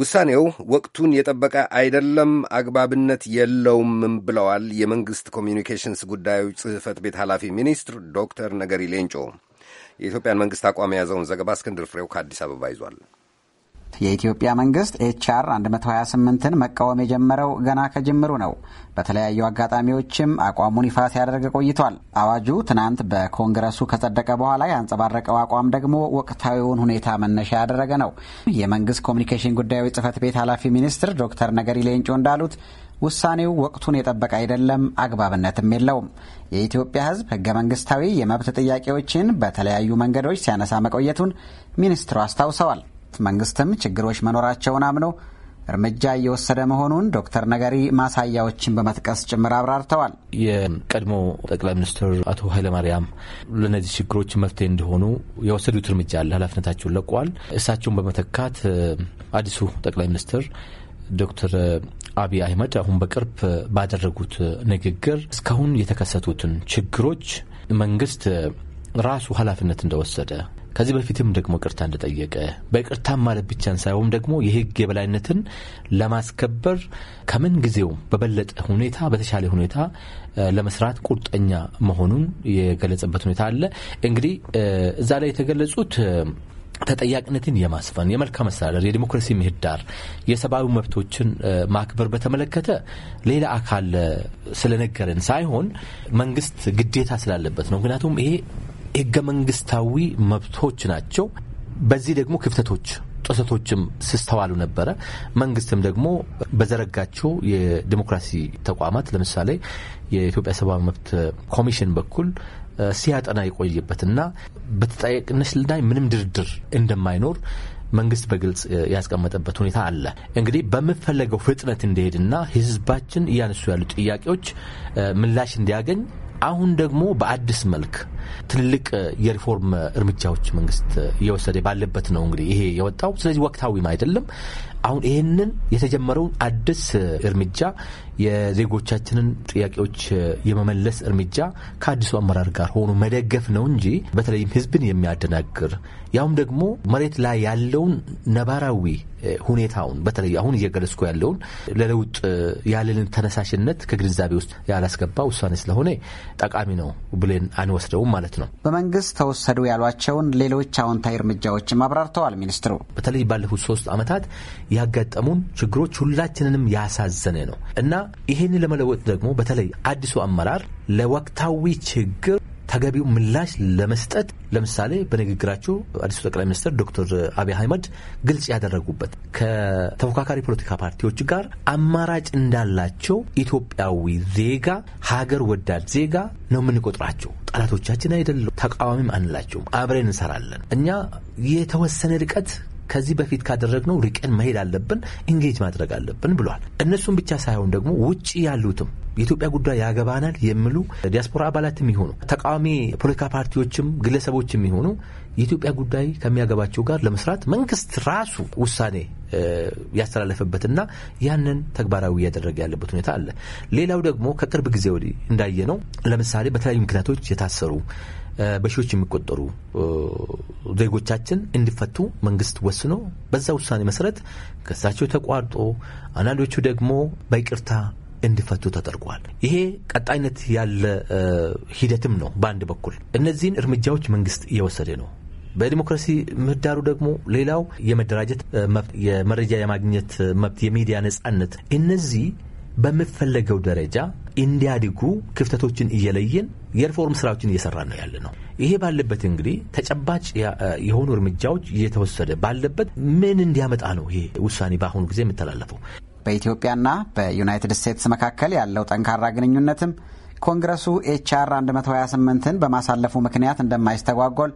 ውሳኔው ወቅቱን የጠበቀ አይደለም፣ አግባብነት የለውምም ብለዋል የመንግሥት ኮሚኒኬሽንስ ጉዳዮች ጽሕፈት ቤት ኃላፊ ሚኒስትር ዶክተር ነገሪ ሌንጮ። የኢትዮጵያን መንግሥት አቋም የያዘውን ዘገባ እስክንድር ፍሬው ከአዲስ አበባ ይዟል። የኢትዮጵያ መንግስት ኤችአር 128ን መቃወም የጀመረው ገና ከጅምሩ ነው። በተለያዩ አጋጣሚዎችም አቋሙን ይፋ ሲያደርግ ቆይቷል። አዋጁ ትናንት በኮንግረሱ ከጸደቀ በኋላ ያንጸባረቀው አቋም ደግሞ ወቅታዊውን ሁኔታ መነሻ ያደረገ ነው። የመንግስት ኮሚኒኬሽን ጉዳዮች ጽህፈት ቤት ኃላፊ ሚኒስትር ዶክተር ነገሪ ሌንጮ እንዳሉት ውሳኔው ወቅቱን የጠበቀ አይደለም፣ አግባብነትም የለውም። የኢትዮጵያ ሕዝብ ህገ መንግስታዊ የመብት ጥያቄዎችን በተለያዩ መንገዶች ሲያነሳ መቆየቱን ሚኒስትሩ አስታውሰዋል። መንግስትም ችግሮች መኖራቸውን አምነው እርምጃ እየወሰደ መሆኑን ዶክተር ነገሪ ማሳያዎችን በመጥቀስ ጭምር አብራርተዋል። የቀድሞ ጠቅላይ ሚኒስትር አቶ ኃይለማርያም ለእነዚህ ችግሮች መፍትሄ እንደሆኑ የወሰዱት እርምጃ አለ። ኃላፊነታቸውን ለቀዋል። እሳቸውን በመተካት አዲሱ ጠቅላይ ሚኒስትር ዶክተር አብይ አህመድ አሁን በቅርብ ባደረጉት ንግግር እስካሁን የተከሰቱትን ችግሮች መንግስት ራሱ ኃላፊነት እንደወሰደ ከዚህ በፊትም ደግሞ ቅርታ እንደጠየቀ በቅርታ ማለት ብቻን ሳይሆን ደግሞ የህግ የበላይነትን ለማስከበር ከምን ጊዜውም በበለጠ ሁኔታ በተሻለ ሁኔታ ለመስራት ቁርጠኛ መሆኑን የገለጸበት ሁኔታ አለ። እንግዲህ እዛ ላይ የተገለጹት ተጠያቂነትን የማስፈን የመልካም አስተዳደር የዲሞክራሲ ምህዳር የሰብአዊ መብቶችን ማክበር በተመለከተ ሌላ አካል ስለነገረን ሳይሆን መንግስት ግዴታ ስላለበት ነው። ምክንያቱም ይሄ ህገ መንግስታዊ መብቶች ናቸው። በዚህ ደግሞ ክፍተቶች ጥሰቶችም ሲስተዋሉ ነበረ። መንግስትም ደግሞ በዘረጋቸው የዲሞክራሲ ተቋማት ለምሳሌ የኢትዮጵያ ሰብአዊ መብት ኮሚሽን በኩል ሲያጠና የቆየበትና በተጠያቂነት ምንም ድርድር እንደማይኖር መንግስት በግልጽ ያስቀመጠበት ሁኔታ አለ። እንግዲህ በምፈለገው ፍጥነት እንዲሄድና ህዝባችን እያነሱ ያሉ ጥያቄዎች ምላሽ እንዲያገኝ አሁን ደግሞ በአዲስ መልክ ትልልቅ የሪፎርም እርምጃዎች መንግስት እየወሰደ ባለበት ነው እንግዲህ ይሄ የወጣው። ስለዚህ ወቅታዊም አይደለም። አሁን ይህንን የተጀመረውን አዲስ እርምጃ የዜጎቻችንን ጥያቄዎች የመመለስ እርምጃ ከአዲሱ አመራር ጋር ሆኖ መደገፍ ነው እንጂ በተለይም ህዝብን የሚያደናግር ያውም ደግሞ መሬት ላይ ያለውን ነባራዊ ሁኔታውን በተለይ አሁን እየገለጽኩ ያለውን ለለውጥ ያለንን ተነሳሽነት ከግንዛቤ ውስጥ ያላስገባ ውሳኔ ስለሆነ ጠቃሚ ነው ብለን አንወስደውም ማለት ነው። በመንግስት ተወሰዱ ያሏቸውን ሌሎች አዎንታዊ እርምጃዎችም አብራርተዋል ሚኒስትሩ። በተለይ ባለፉት ሶስት ዓመታት ያጋጠሙን ችግሮች ሁላችንንም ያሳዘነ ነው እና ይህን ለመለወጥ ደግሞ በተለይ አዲሱ አመራር ለወቅታዊ ችግር ተገቢው ምላሽ ለመስጠት ለምሳሌ በንግግራቸው አዲሱ ጠቅላይ ሚኒስትር ዶክተር አብይ አህመድ ግልጽ ያደረጉበት ከተፎካካሪ ፖለቲካ ፓርቲዎች ጋር አማራጭ እንዳላቸው ኢትዮጵያዊ ዜጋ፣ ሀገር ወዳድ ዜጋ ነው የምንቆጥራቸው። ጠላቶቻችን አይደለም ተቃዋሚም አንላቸውም። አብረን እንሰራለን። እኛ የተወሰነ ርቀት ከዚህ በፊት ካደረግነው ርቀን መሄድ አለብን፣ ኢንጌጅ ማድረግ አለብን ብሏል። እነሱም ብቻ ሳይሆን ደግሞ ውጭ ያሉትም የኢትዮጵያ ጉዳይ ያገባናል የሚሉ ዲያስፖራ አባላት የሚሆኑ ተቃዋሚ ፖለቲካ ፓርቲዎችም ግለሰቦችም ይሆኑ የኢትዮጵያ ጉዳይ ከሚያገባቸው ጋር ለመስራት መንግስት ራሱ ውሳኔ ያስተላለፈበትና ያንን ተግባራዊ እያደረገ ያለበት ሁኔታ አለ። ሌላው ደግሞ ከቅርብ ጊዜ ወዲህ እንዳየነው ለምሳሌ በተለያዩ ምክንያቶች የታሰሩ በሺዎች የሚቆጠሩ ዜጎቻችን እንዲፈቱ መንግስት ወስኖ በዛ ውሳኔ መሰረት ክሳቸው ተቋርጦ አንዳንዶቹ ደግሞ በይቅርታ እንዲፈቱ ተደርጓል። ይሄ ቀጣይነት ያለ ሂደትም ነው። በአንድ በኩል እነዚህን እርምጃዎች መንግስት እየወሰደ ነው። በዲሞክራሲ ምህዳሩ ደግሞ ሌላው የመደራጀት መብት፣ የመረጃ የማግኘት መብት፣ የሚዲያ ነጻነት እነዚህ በምፈለገው ደረጃ እንዲያድጉ ክፍተቶችን እየለየን የሪፎርም ስራዎችን እየሰራ ነው ያለ ነው። ይሄ ባለበት እንግዲህ ተጨባጭ የሆኑ እርምጃዎች እየተወሰደ ባለበት ምን እንዲያመጣ ነው ይሄ ውሳኔ በአሁኑ ጊዜ የሚተላለፈው? በኢትዮጵያና በዩናይትድ ስቴትስ መካከል ያለው ጠንካራ ግንኙነትም ኮንግረሱ ኤችአር 128ን በማሳለፉ ምክንያት እንደማይስተጓጎል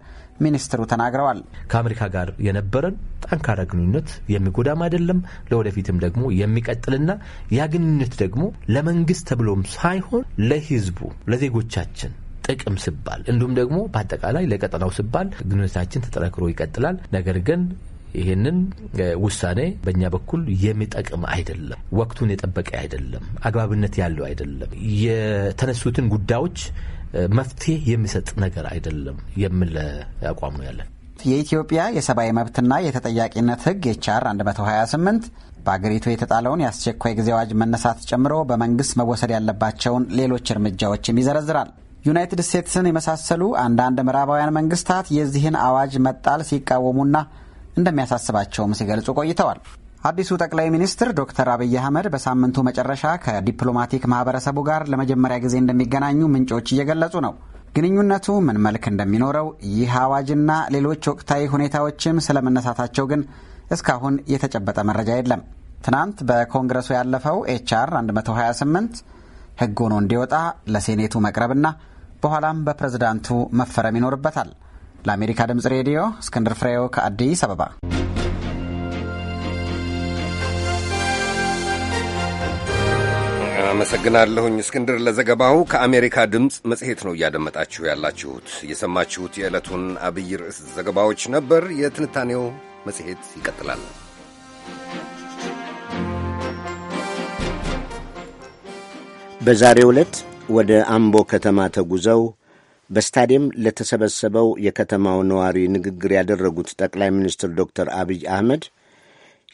ሚኒስትሩ ተናግረዋል። ከአሜሪካ ጋር የነበረን ጠንካራ ግንኙነት የሚጎዳም አይደለም፣ ለወደፊትም ደግሞ የሚቀጥልና ያ ግንኙነት ደግሞ ለመንግስት ተብሎም ሳይሆን ለህዝቡ፣ ለዜጎቻችን ጥቅም ስባል እንዲሁም ደግሞ በአጠቃላይ ለቀጠናው ስባል ግንኙነታችን ተጠናክሮ ይቀጥላል። ነገር ግን ይህንን ውሳኔ በእኛ በኩል የሚጠቅም አይደለም፣ ወቅቱን የጠበቀ አይደለም፣ አግባብነት ያለው አይደለም፣ የተነሱትን ጉዳዮች መፍትሄ የሚሰጥ ነገር አይደለም የሚል አቋም ነው ያለን። የኢትዮጵያ የሰብአዊ መብትና የተጠያቂነት ሕግ ኤችአር 128 በአገሪቱ የተጣለውን የአስቸኳይ ጊዜ አዋጅ መነሳት ጨምሮ በመንግስት መወሰድ ያለባቸውን ሌሎች እርምጃዎችም ይዘረዝራል። ዩናይትድ ስቴትስን የመሳሰሉ አንዳንድ ምዕራባውያን መንግስታት የዚህን አዋጅ መጣል ሲቃወሙና እንደሚያሳስባቸውም ሲገልጹ ቆይተዋል። አዲሱ ጠቅላይ ሚኒስትር ዶክተር አብይ አህመድ በሳምንቱ መጨረሻ ከዲፕሎማቲክ ማህበረሰቡ ጋር ለመጀመሪያ ጊዜ እንደሚገናኙ ምንጮች እየገለጹ ነው። ግንኙነቱ ምን መልክ እንደሚኖረው ይህ አዋጅና ሌሎች ወቅታዊ ሁኔታዎችም ስለመነሳታቸው ግን እስካሁን የተጨበጠ መረጃ የለም። ትናንት በኮንግረሱ ያለፈው ኤችአር 128 ህግ ሆኖ እንዲወጣ ለሴኔቱ መቅረብና በኋላም በፕሬዝዳንቱ መፈረም ይኖርበታል። ለአሜሪካ ድምፅ ሬዲዮ እስክንድር ፍሬው ከአዲስ አበባ። አመሰግናለሁኝ እስክንድር ለዘገባው። ከአሜሪካ ድምፅ መጽሔት ነው እያደመጣችሁ ያላችሁት። የሰማችሁት የዕለቱን አብይ ርዕስ ዘገባዎች ነበር። የትንታኔው መጽሔት ይቀጥላል። በዛሬው ዕለት ወደ አምቦ ከተማ ተጉዘው በስታዲየም ለተሰበሰበው የከተማው ነዋሪ ንግግር ያደረጉት ጠቅላይ ሚኒስትር ዶክተር አብይ አህመድ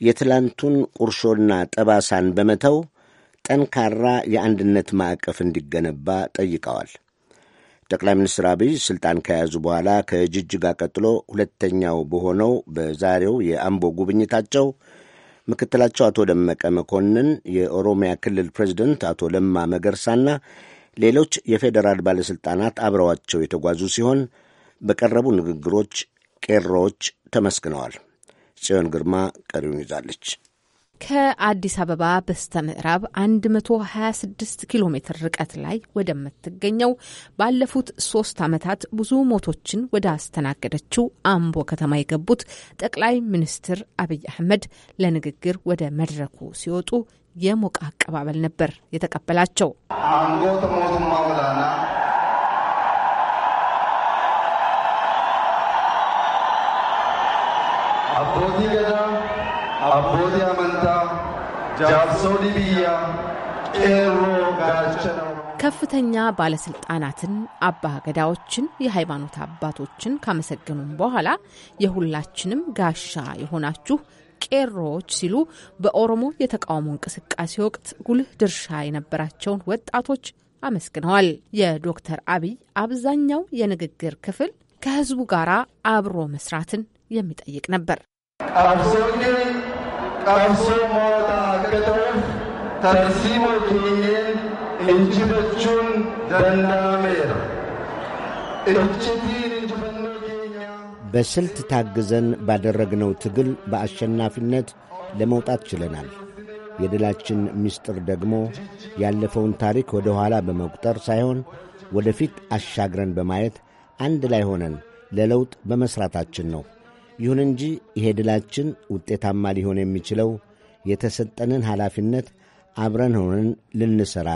የትላንቱን ቁርሾና ጠባሳን በመተው ጠንካራ የአንድነት ማዕቀፍ እንዲገነባ ጠይቀዋል። ጠቅላይ ሚኒስትር አብይ ስልጣን ከያዙ በኋላ ከጅጅጋ ቀጥሎ ሁለተኛው በሆነው በዛሬው የአምቦ ጉብኝታቸው ምክትላቸው አቶ ደመቀ መኮንን፣ የኦሮሚያ ክልል ፕሬዚደንት አቶ ለማ መገርሳና ሌሎች የፌዴራል ባለሥልጣናት አብረዋቸው የተጓዙ ሲሆን በቀረቡ ንግግሮች ቄሮዎች ተመስግነዋል። ጽዮን ግርማ ቀሪውን ይዛለች። ከአዲስ አበባ በስተ ምዕራብ 126 ኪሎ ሜትር ርቀት ላይ ወደምትገኘው ባለፉት ሶስት ዓመታት ብዙ ሞቶችን ወደ አስተናገደችው አምቦ ከተማ የገቡት ጠቅላይ ሚኒስትር አብይ አህመድ ለንግግር ወደ መድረኩ ሲወጡ የሞቀ አቀባበል ነበር የተቀበላቸው። አቦቲ ገዳ አቦቲ አመንታ ቄሮ ጋቸና ከፍተኛ ባለስልጣናትን፣ አባ ገዳዎችን፣ የሃይማኖት አባቶችን ካመሰገኑም በኋላ የሁላችንም ጋሻ የሆናችሁ ቄሮዎች ሲሉ በኦሮሞ የተቃውሞ እንቅስቃሴ ወቅት ጉልህ ድርሻ የነበራቸውን ወጣቶች አመስግነዋል። የዶክተር አብይ አብዛኛው የንግግር ክፍል ከህዝቡ ጋር አብሮ መስራትን የሚጠይቅ ነበር። እንጅበቹን ደንዳሜ እጅቲ በስልት ታግዘን ባደረግነው ትግል በአሸናፊነት ለመውጣት ችለናል። የድላችን ምስጢር ደግሞ ያለፈውን ታሪክ ወደ ኋላ በመቁጠር ሳይሆን ወደፊት አሻግረን በማየት አንድ ላይ ሆነን ለለውጥ በመሥራታችን ነው። ይሁን እንጂ ይሄ ድላችን ውጤታማ ሊሆን የሚችለው የተሰጠንን ኃላፊነት አብረን ሆነን ልንሠራ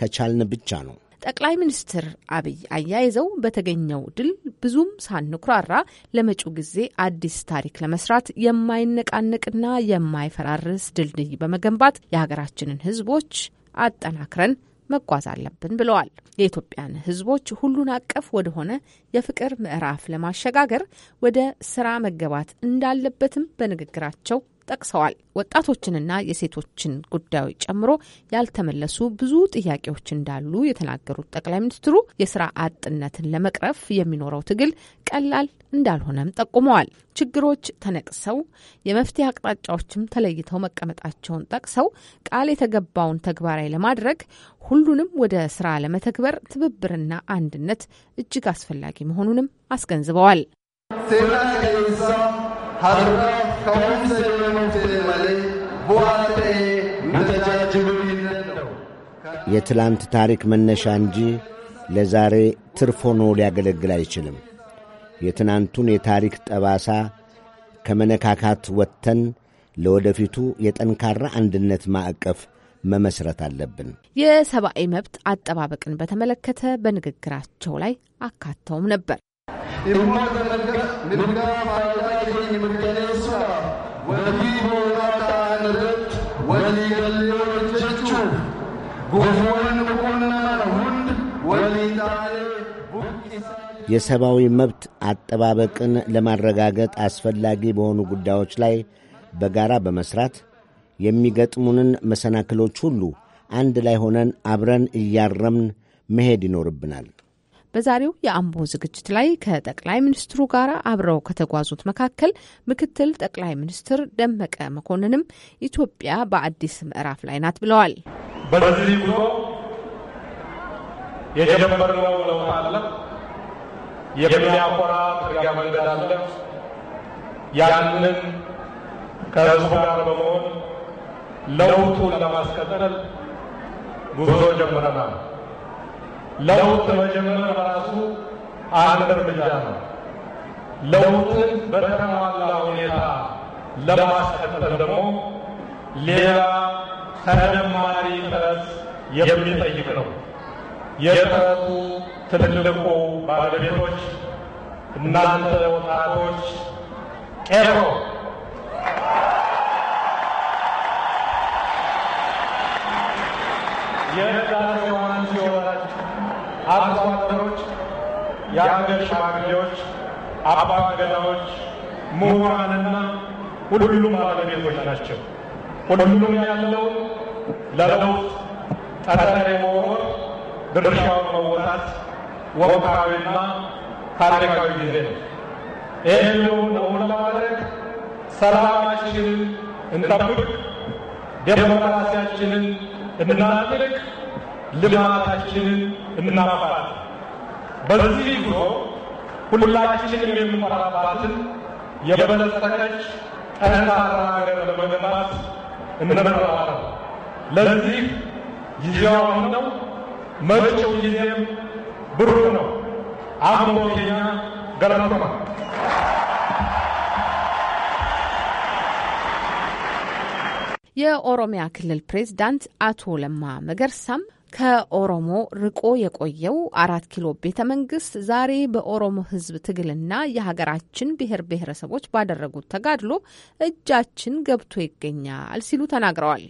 ከቻልን ብቻ ነው። ጠቅላይ ሚኒስትር አብይ አያይዘው በተገኘው ድል ብዙም ሳንኩራራ ለመጪው ጊዜ አዲስ ታሪክ ለመስራት የማይነቃነቅና የማይፈራርስ ድልድይ በመገንባት የሀገራችንን ህዝቦች አጠናክረን መጓዝ አለብን ብለዋል። የኢትዮጵያን ህዝቦች ሁሉን አቀፍ ወደሆነ የፍቅር ምዕራፍ ለማሸጋገር ወደ ስራ መገባት እንዳለበትም በንግግራቸው ጠቅሰዋል። ወጣቶችንና የሴቶችን ጉዳዮች ጨምሮ ያልተመለሱ ብዙ ጥያቄዎች እንዳሉ የተናገሩት ጠቅላይ ሚኒስትሩ የስራ አጥነትን ለመቅረፍ የሚኖረው ትግል ቀላል እንዳልሆነም ጠቁመዋል። ችግሮች ተነቅሰው የመፍትሄ አቅጣጫዎችም ተለይተው መቀመጣቸውን ጠቅሰው ቃል የተገባውን ተግባራዊ ለማድረግ ሁሉንም ወደ ስራ ለመተግበር ትብብርና አንድነት እጅግ አስፈላጊ መሆኑንም አስገንዝበዋል። የትላንት ታሪክ መነሻ እንጂ ለዛሬ ትርፍ ሆኖ ሊያገለግል አይችልም። የትናንቱን የታሪክ ጠባሳ ከመነካካት ወጥተን ለወደፊቱ የጠንካራ አንድነት ማዕቀፍ መመስረት አለብን። የሰብአዊ መብት አጠባበቅን በተመለከተ በንግግራቸው ላይ አካተውም ነበር። የሰብአዊ መብት አጠባበቅን ለማረጋገጥ አስፈላጊ በሆኑ ጉዳዮች ላይ በጋራ በመስራት የሚገጥሙንን መሰናክሎች ሁሉ አንድ ላይ ሆነን አብረን እያረምን መሄድ ይኖርብናል። በዛሬው የአምቦ ዝግጅት ላይ ከጠቅላይ ሚኒስትሩ ጋር አብረው ከተጓዙት መካከል ምክትል ጠቅላይ ሚኒስትር ደመቀ መኮንንም ኢትዮጵያ በአዲስ ምዕራፍ ላይ ናት ብለዋል። በዚህ ጉዞ የጀመርነው ለውጥ አለ። የሚያኮራ ትርጋ መንገድ አለ። ያንን ከህዝቡ ጋር በመሆን ለውጡን ለማስቀጠል ጉዞ ጀምረናል። ለውጥ መጀመር ራሱ አንድ እርምጃ ነው። ለውጥን በተሟላ ሁኔታ ለማስቀጠል ደግሞ ሌላ ተደማሪ ጥረት የሚጠይቅ ነው። የጥረቱ ትልልቁ ባለቤቶች እናንተ ወጣቶች ቄሮ የዳሴዋን ሲወራችሁ አርሶ አደሮች፣ የአገር ሽማግሌዎች፣ አባት ምሁራንና ሁሉም ባለቤቶች ናቸው። ሁሉም ያለው ለለውጥ ጠጠር የመሆን ድርሻውን መወጣት ወቅታዊና ታሪካዊ ጊዜ ነው። ይህን እውን ለማድረግ ሰላማችንን እንጠብቅ፣ ዴሞክራሲያችንን እናጥብቅ። ልማታችንን እናፋት። በዚህ ጉዞ ሁላችንም የምንኮራባትን የበለጸገች ጠንካራ ሀገር ለመገንባት እንመራለን። ለዚህ ጊዜው አሁን ነው። መጪው ጊዜም ብሩህ ነው። አምቦ ኬኛ ገለመቶማ የኦሮሚያ ክልል ፕሬዝዳንት አቶ ለማ መገርሳም ከኦሮሞ ርቆ የቆየው አራት ኪሎ ቤተ መንግስት ዛሬ በኦሮሞ ህዝብ ትግልና የሀገራችን ብሔር ብሔረሰቦች ባደረጉት ተጋድሎ እጃችን ገብቶ ይገኛል ሲሉ ተናግረዋል።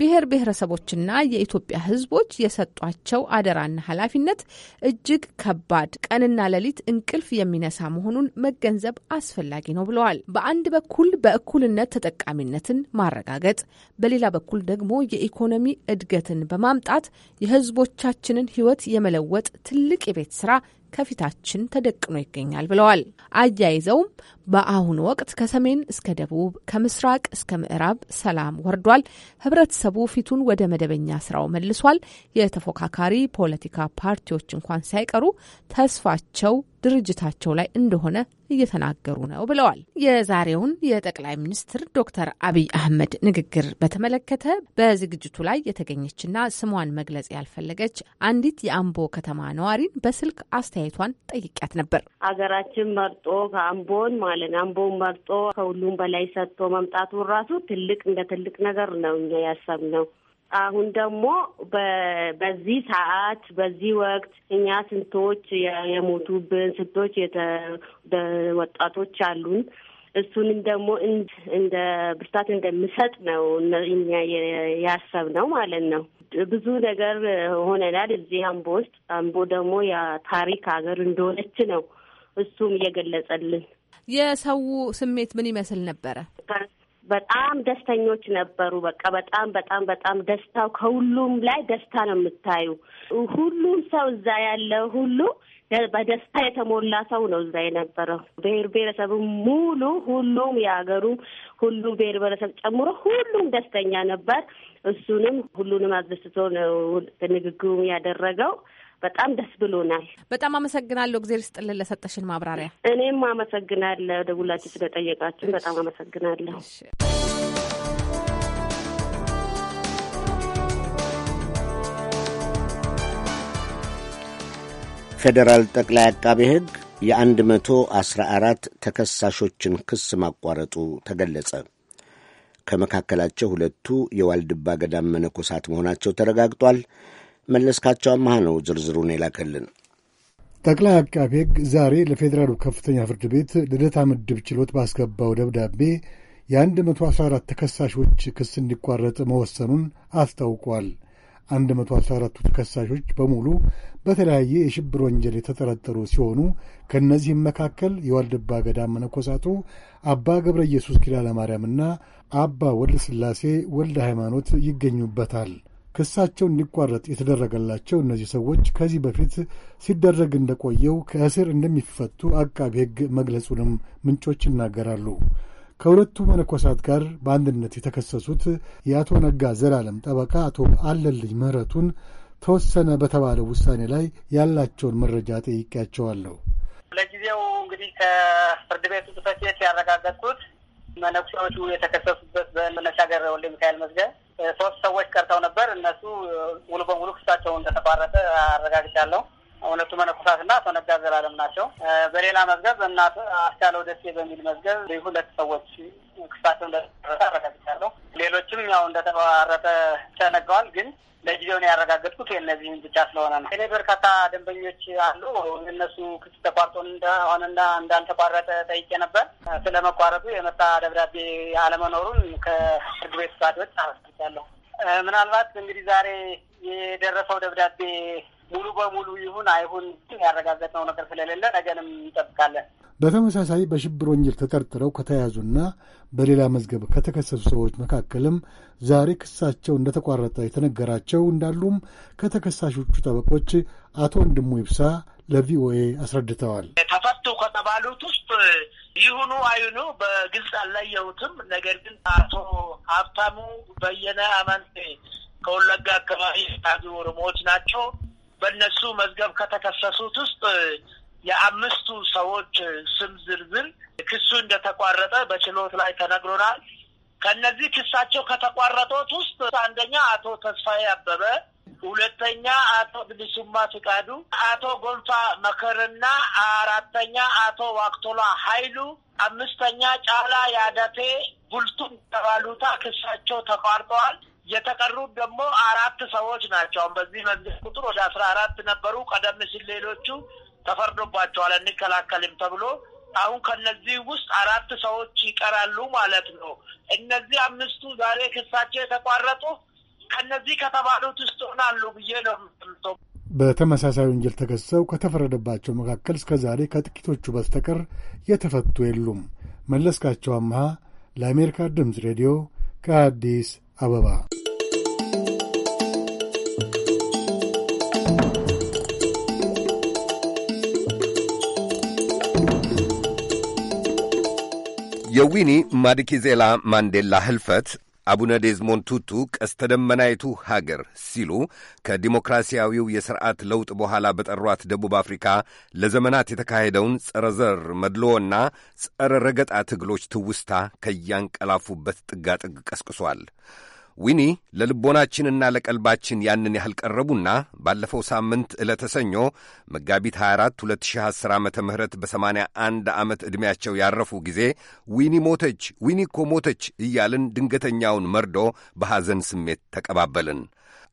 ብሔር ብሔረሰቦችና የኢትዮጵያ ሕዝቦች የሰጧቸው አደራና ኃላፊነት እጅግ ከባድ፣ ቀንና ሌሊት እንቅልፍ የሚነሳ መሆኑን መገንዘብ አስፈላጊ ነው ብለዋል። በአንድ በኩል በእኩልነት ተጠቃሚነትን ማረጋገጥ፣ በሌላ በኩል ደግሞ የኢኮኖሚ እድገትን በማምጣት የሕዝቦቻችንን ሕይወት የመለወጥ ትልቅ የቤት ስራ ከፊታችን ተደቅኖ ይገኛል ብለዋል። አያይዘውም በአሁኑ ወቅት ከሰሜን እስከ ደቡብ ከምስራቅ እስከ ምዕራብ ሰላም ወርዷል። ህብረተሰቡ ፊቱን ወደ መደበኛ ስራው መልሷል። የተፎካካሪ ፖለቲካ ፓርቲዎች እንኳን ሳይቀሩ ተስፋቸው ድርጅታቸው ላይ እንደሆነ እየተናገሩ ነው ብለዋል። የዛሬውን የጠቅላይ ሚኒስትር ዶክተር አብይ አህመድ ንግግር በተመለከተ በዝግጅቱ ላይ የተገኘችና ስሟን መግለጽ ያልፈለገች አንዲት የአምቦ ከተማ ነዋሪን በስልክ አስተያየቷን ጠይቂያት ነበር። አገራችን መርጦ ከአምቦን ማለት ነው። አምቦን መርጦ ከሁሉም በላይ ሰጥቶ መምጣቱ ራሱ ትልቅ እንደ ትልቅ ነገር ነው እኛ ያሰብነው። አሁን ደግሞ በዚህ ሰዓት በዚህ ወቅት እኛ ስንቶች የሞቱብን ስንቶች ወጣቶች አሉን። እሱንም ደግሞ እንደ ብርታት እንደሚሰጥ ነው እኛ ነው ማለት ነው። ብዙ ነገር ሆነናል እዚህ አምቦ ውስጥ። አምቦ ደግሞ የታሪክ ሀገር እንደሆነች ነው እሱም እየገለጸልን የሰው ስሜት ምን ይመስል ነበረ? በጣም ደስተኞች ነበሩ። በቃ በጣም በጣም በጣም ደስታው ከሁሉም ላይ ደስታ ነው የምታዩ። ሁሉም ሰው እዛ ያለ ሁሉ በደስታ የተሞላ ሰው ነው እዛ የነበረው። ብሔር ብሔረሰቡ ሙሉ ሁሉም የሀገሩ ሁሉ ብሔር ብሔረሰብ ጨምሮ ሁሉም ደስተኛ ነበር። እሱንም ሁሉንም አስደስቶ ነው ንግግሩ ያደረገው። በጣም ደስ ብሎናል። በጣም አመሰግናለሁ። እግዜር ስጥልን ለሰጠሽን ማብራሪያ። እኔም አመሰግናለሁ ደውላችሁ ስለጠየቃችሁ በጣም አመሰግናለሁ። ፌዴራል ጠቅላይ አቃቤ ሕግ የአንድ መቶ አስራ አራት ተከሳሾችን ክስ ማቋረጡ ተገለጸ። ከመካከላቸው ሁለቱ የዋልድባ ገዳም መነኮሳት መሆናቸው ተረጋግጧል። መለስካቸው አማሃ ነው ዝርዝሩን የላከልን። ጠቅላይ አቃቤ ሕግ ዛሬ ለፌዴራሉ ከፍተኛ ፍርድ ቤት ልደታ ምድብ ችሎት ባስገባው ደብዳቤ የ114 ተከሳሾች ክስ እንዲቋረጥ መወሰኑን አስታውቋል። 114ቱ ተከሳሾች በሙሉ በተለያየ የሽብር ወንጀል የተጠረጠሩ ሲሆኑ ከእነዚህም መካከል የዋልድባ ገዳም መነኮሳቱ አባ ገብረ ኢየሱስ ኪዳለ ማርያምና አባ ወልድ ሥላሴ ወልደ ሃይማኖት ይገኙበታል። ክሳቸው እንዲቋረጥ የተደረገላቸው እነዚህ ሰዎች ከዚህ በፊት ሲደረግ እንደቆየው ከእስር እንደሚፈቱ አቃቢ ሕግ መግለጹንም ምንጮች ይናገራሉ። ከሁለቱ መነኮሳት ጋር በአንድነት የተከሰሱት የአቶ ነጋ ዘላለም ጠበቃ አቶ አለልኝ ምህረቱን ተወሰነ በተባለው ውሳኔ ላይ ያላቸውን መረጃ ጠይቄያቸዋለሁ። ለጊዜው እንግዲህ ከፍርድ ቤቱ ጽሕፈት ቤት ያረጋገጥኩት መነኩሴዎቹ የተከሰሱበት በመሻገር ወልደ ሚካኤል መዝገብ ሶስት ሰዎች ቀርተው ነበር። እነሱ ሙሉ በሙሉ ክሳቸው እንደተቋረጠ አረጋግጫለሁ። እውነቱ መነኮሳትና አቶ ነጋ ዘላለም ናቸው። በሌላ መዝገብ እና አስቻለው ደሴ በሚል መዝገብ ሁለት ሰዎች ክሳቸው እንደተቋረጠ አረጋግጫለሁ። ሌሎችም ያው እንደተቋረጠ ተነግረዋል ግን ለጊዜው ነው ያረጋገጥኩት የእነዚህን ብቻ ስለሆነ ነው። እኔ በርካታ ደንበኞች አሉ። እነሱ ክስ ተቋርጦ እንደሆነና እንዳልተቋረጠ ጠይቄ ነበር። ስለ መቋረጡ የመጣ ደብዳቤ አለመኖሩን ከፍርድ ቤት ሳዶች አረጋግጫለሁ። ምናልባት እንግዲህ ዛሬ የደረሰው ደብዳቤ ሙሉ በሙሉ ይሁን አይሁን ያረጋገጥነው ነገር ስለሌለ ነገንም እንጠብቃለን። በተመሳሳይ በሽብር ወንጀል ተጠርጥረው ከተያዙና በሌላ መዝገብ ከተከሰሱ ሰዎች መካከልም ዛሬ ክሳቸው እንደተቋረጠ የተነገራቸው እንዳሉም ከተከሳሾቹ ጠበቆች አቶ ወንድሙ ይብሳ ለቪኦኤ አስረድተዋል። ተፈቱ ከተባሉት ውስጥ ይሁኑ አይኑ በግልጽ አላየሁትም። ነገር ግን አቶ ሀብታሙ በየነ አማንቴ ከወለጋ አካባቢ ታዙ ኦሮሞዎች ናቸው። በእነሱ መዝገብ ከተከሰሱት ውስጥ የአምስቱ ሰዎች ስም ዝርዝር ክሱ እንደተቋረጠ በችሎት ላይ ተነግሮናል። ከነዚህ ክሳቸው ከተቋረጡት ውስጥ አንደኛ አቶ ተስፋዬ አበበ፣ ሁለተኛ አቶ ብሊሱማ ፍቃዱ፣ አቶ ጎንፋ መከርና አራተኛ አቶ ዋክቶላ ሀይሉ፣ አምስተኛ ጫላ ያደቴ ቡልቱም ተባሉታ ክሳቸው ተቋርጠዋል። የተቀሩት ደግሞ አራት ሰዎች ናቸው። አሁን በዚህ መንግስት ቁጥር ወደ አስራ አራት ነበሩ። ቀደም ሲል ሌሎቹ ተፈርዶባቸዋል እንከላከልም ተብሎ አሁን ከነዚህ ውስጥ አራት ሰዎች ይቀራሉ ማለት ነው። እነዚህ አምስቱ ዛሬ ክሳቸው የተቋረጡ ከነዚህ ከተባሉት ውስጥ ሆናሉ ብዬ ነው በተመሳሳይ ወንጀል ተከሰው ከተፈረደባቸው መካከል እስከ ዛሬ ከጥቂቶቹ በስተቀር የተፈቱ የሉም። መለስካቸው አምሃ ለአሜሪካ ድምፅ ሬዲዮ ከአዲስ አበባ የዊኒ ማድኪዜላ ማንዴላ ህልፈት አቡነ ዴዝሞን ቱቱ ቀስተ ደመናይቱ ሀገር ሲሉ ከዲሞክራሲያዊው የሥርዓት ለውጥ በኋላ በጠሯት ደቡብ አፍሪካ ለዘመናት የተካሄደውን ጸረ ዘር መድሎና ጸረ ረገጣ ትግሎች ትውስታ ከያንቀላፉበት ጥጋጥግ ቀስቅሷል። ዊኒ ለልቦናችንና ለቀልባችን ያንን ያህል ቀረቡና ባለፈው ሳምንት ዕለተ ሰኞ መጋቢት 24 2010 ዓ ም በ81 ዓመት ዕድሜያቸው ያረፉ ጊዜ ዊኒ ሞተች፣ ዊኒ እኮ ሞተች እያልን ድንገተኛውን መርዶ በሐዘን ስሜት ተቀባበልን።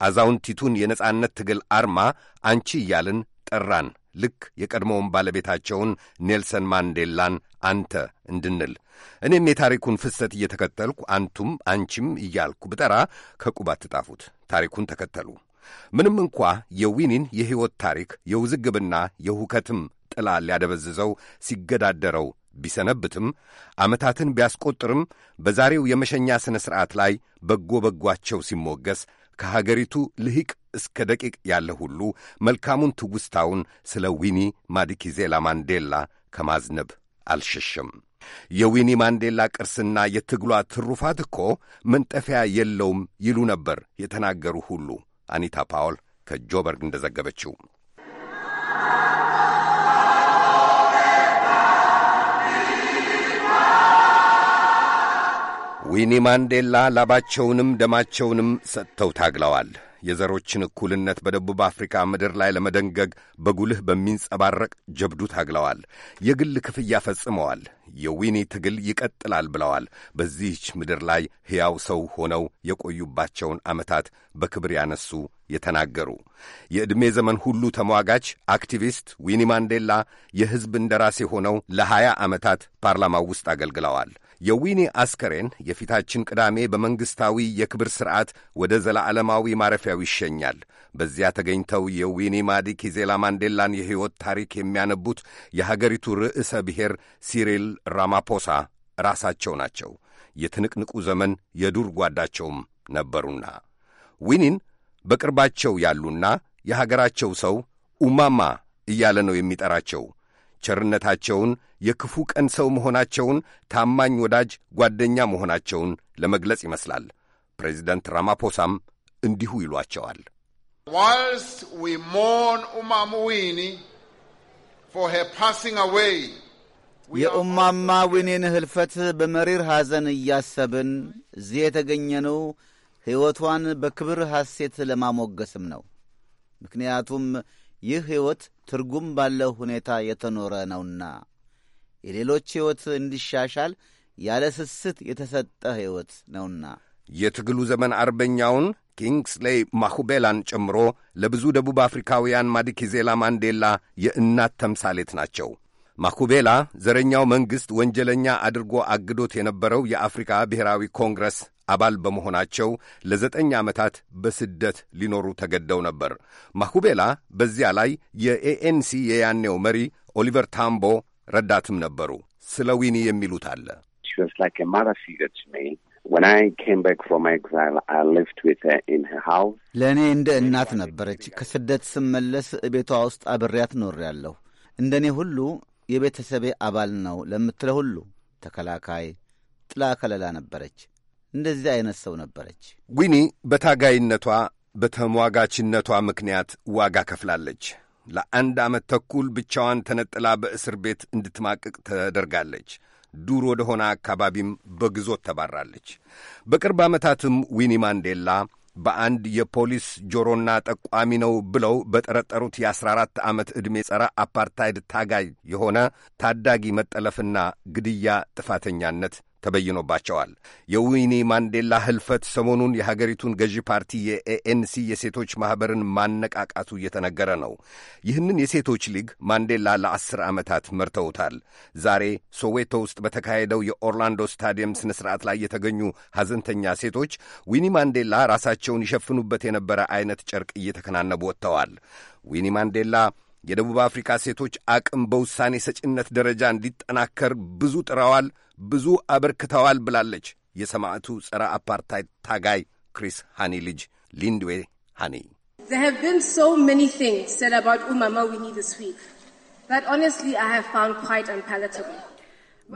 አዛውንቲቱን የነጻነት ትግል አርማ አንቺ እያልን ጠራን። ልክ የቀድሞውን ባለቤታቸውን ኔልሰን ማንዴላን አንተ እንድንል እኔም የታሪኩን ፍሰት እየተከተልኩ አንቱም አንቺም እያልኩ ብጠራ ከቁብ አትጣፉት። ታሪኩን ተከተሉ። ምንም እንኳ የዊኒን የሕይወት ታሪክ የውዝግብና የሁከትም ጥላ ሊያደበዝዘው ሲገዳደረው ቢሰነብትም ዓመታትን ቢያስቆጥርም በዛሬው የመሸኛ ሥነ ሥርዓት ላይ በጎ በጓቸው ሲሞገስ ከሀገሪቱ ልሂቅ እስከ ደቂቅ ያለ ሁሉ መልካሙን ትውስታውን ስለ ዊኒ ማዲኪዜላ ማንዴላ ከማዝነብ አልሸሸም። የዊኒ ማንዴላ ቅርስና የትግሏ ትሩፋት እኮ መንጠፊያ የለውም ይሉ ነበር የተናገሩ ሁሉ። አኒታ ፓውል ከጆበርግ እንደዘገበችው ዊኒ ማንዴላ ላባቸውንም ደማቸውንም ሰጥተው ታግለዋል። የዘሮችን እኩልነት በደቡብ አፍሪካ ምድር ላይ ለመደንገግ በጉልህ በሚንጸባረቅ ጀብዱ ታግለዋል። የግል ክፍያ ፈጽመዋል። የዊኒ ትግል ይቀጥላል ብለዋል። በዚህች ምድር ላይ ሕያው ሰው ሆነው የቆዩባቸውን ዓመታት በክብር ያነሱ የተናገሩ የዕድሜ ዘመን ሁሉ ተሟጋች አክቲቪስት ዊኒ ማንዴላ የሕዝብ እንደራሴ ሆነው ለሀያ ዓመታት ፓርላማው ውስጥ አገልግለዋል። የዊኒ አስከሬን የፊታችን ቅዳሜ በመንግሥታዊ የክብር ሥርዓት ወደ ዘላዓለማዊ ማረፊያው ይሸኛል። በዚያ ተገኝተው የዊኒ ማዲኪዜላ ማንዴላን የሕይወት ታሪክ የሚያነቡት የሀገሪቱ ርዕሰ ብሔር ሲሪል ራማፖሳ ራሳቸው ናቸው። የትንቅንቁ ዘመን የዱር ጓዳቸውም ነበሩና ዊኒን በቅርባቸው ያሉና የሀገራቸው ሰው ኡማማ እያለ ነው የሚጠራቸው። ቸርነታቸውን፣ የክፉ ቀን ሰው መሆናቸውን፣ ታማኝ ወዳጅ ጓደኛ መሆናቸውን ለመግለጽ ይመስላል። ፕሬዚደንት ራማፖሳም እንዲሁ ይሏቸዋል። ዋልስ ዊ ሞን ኡማሙዊኒ ፎር ሄር ፓሲንግ አዌይ የኡማማ ዊኔን ህልፈት በመሪር ሐዘን እያሰብን እዚህ የተገኘነው ሕይወቷን በክብር ሐሴት ለማሞገስም ነው። ምክንያቱም ይህ ሕይወት ትርጉም ባለው ሁኔታ የተኖረ ነውና የሌሎች ሕይወት እንዲሻሻል ያለ ስስት የተሰጠ ሕይወት ነውና የትግሉ ዘመን አርበኛውን ኪንግስሌይ ማኩቤላን ጨምሮ ለብዙ ደቡብ አፍሪካውያን ማዲኪዜላ ማንዴላ የእናት ተምሳሌት ናቸው። ማኩቤላ ዘረኛው መንግሥት ወንጀለኛ አድርጎ አግዶት የነበረው የአፍሪካ ብሔራዊ ኮንግረስ አባል በመሆናቸው ለዘጠኝ ዓመታት በስደት ሊኖሩ ተገደው ነበር። ማኩቤላ በዚያ ላይ የኤኤንሲ የያኔው መሪ ኦሊቨር ታምቦ ረዳትም ነበሩ። ስለ ዊኒ የሚሉት አለ። ለእኔ እንደ እናት ነበረች። ከስደት ስመለስ ቤቷ ውስጥ አብሬያት ኖሬያለሁ። እንደ እኔ ሁሉ የቤተሰቤ አባል ነው ለምትለው ሁሉ ተከላካይ ጥላ ከለላ ነበረች። እንደዚህ አይነት ሰው ነበረች። ዊኒ በታጋይነቷ በተሟጋችነቷ ምክንያት ዋጋ ከፍላለች። ለአንድ ዓመት ተኩል ብቻዋን ተነጥላ በእስር ቤት እንድትማቅቅ ተደርጋለች። ዱር ወደ ሆነ አካባቢም በግዞት ተባራለች። በቅርብ ዓመታትም ዊኒ ማንዴላ በአንድ የፖሊስ ጆሮና ጠቋሚ ነው ብለው በጠረጠሩት የ14 ዓመት ዕድሜ ጸረ አፓርታይድ ታጋይ የሆነ ታዳጊ መጠለፍና ግድያ ጥፋተኛነት ተበይኖባቸዋል። የዊኒ ማንዴላ ህልፈት ሰሞኑን የሀገሪቱን ገዢ ፓርቲ የኤኤንሲ የሴቶች ማኅበርን ማነቃቃቱ እየተነገረ ነው። ይህንን የሴቶች ሊግ ማንዴላ ለአስር ዓመታት መርተውታል። ዛሬ ሶዌቶ ውስጥ በተካሄደው የኦርላንዶ ስታዲየም ሥነ ሥርዓት ላይ የተገኙ ሐዘንተኛ ሴቶች ዊኒ ማንዴላ ራሳቸውን ይሸፍኑበት የነበረ አይነት ጨርቅ እየተከናነቡ ወጥተዋል። ዊኒ ማንዴላ የደቡብ አፍሪካ ሴቶች አቅም በውሳኔ ሰጪነት ደረጃ እንዲጠናከር ብዙ ጥረዋል፣ ብዙ አበርክተዋል ብላለች የሰማዕቱ ጸረ አፓርታይድ ታጋይ ክሪስ ሃኒ ልጅ ሊንድዌ ሃኒ።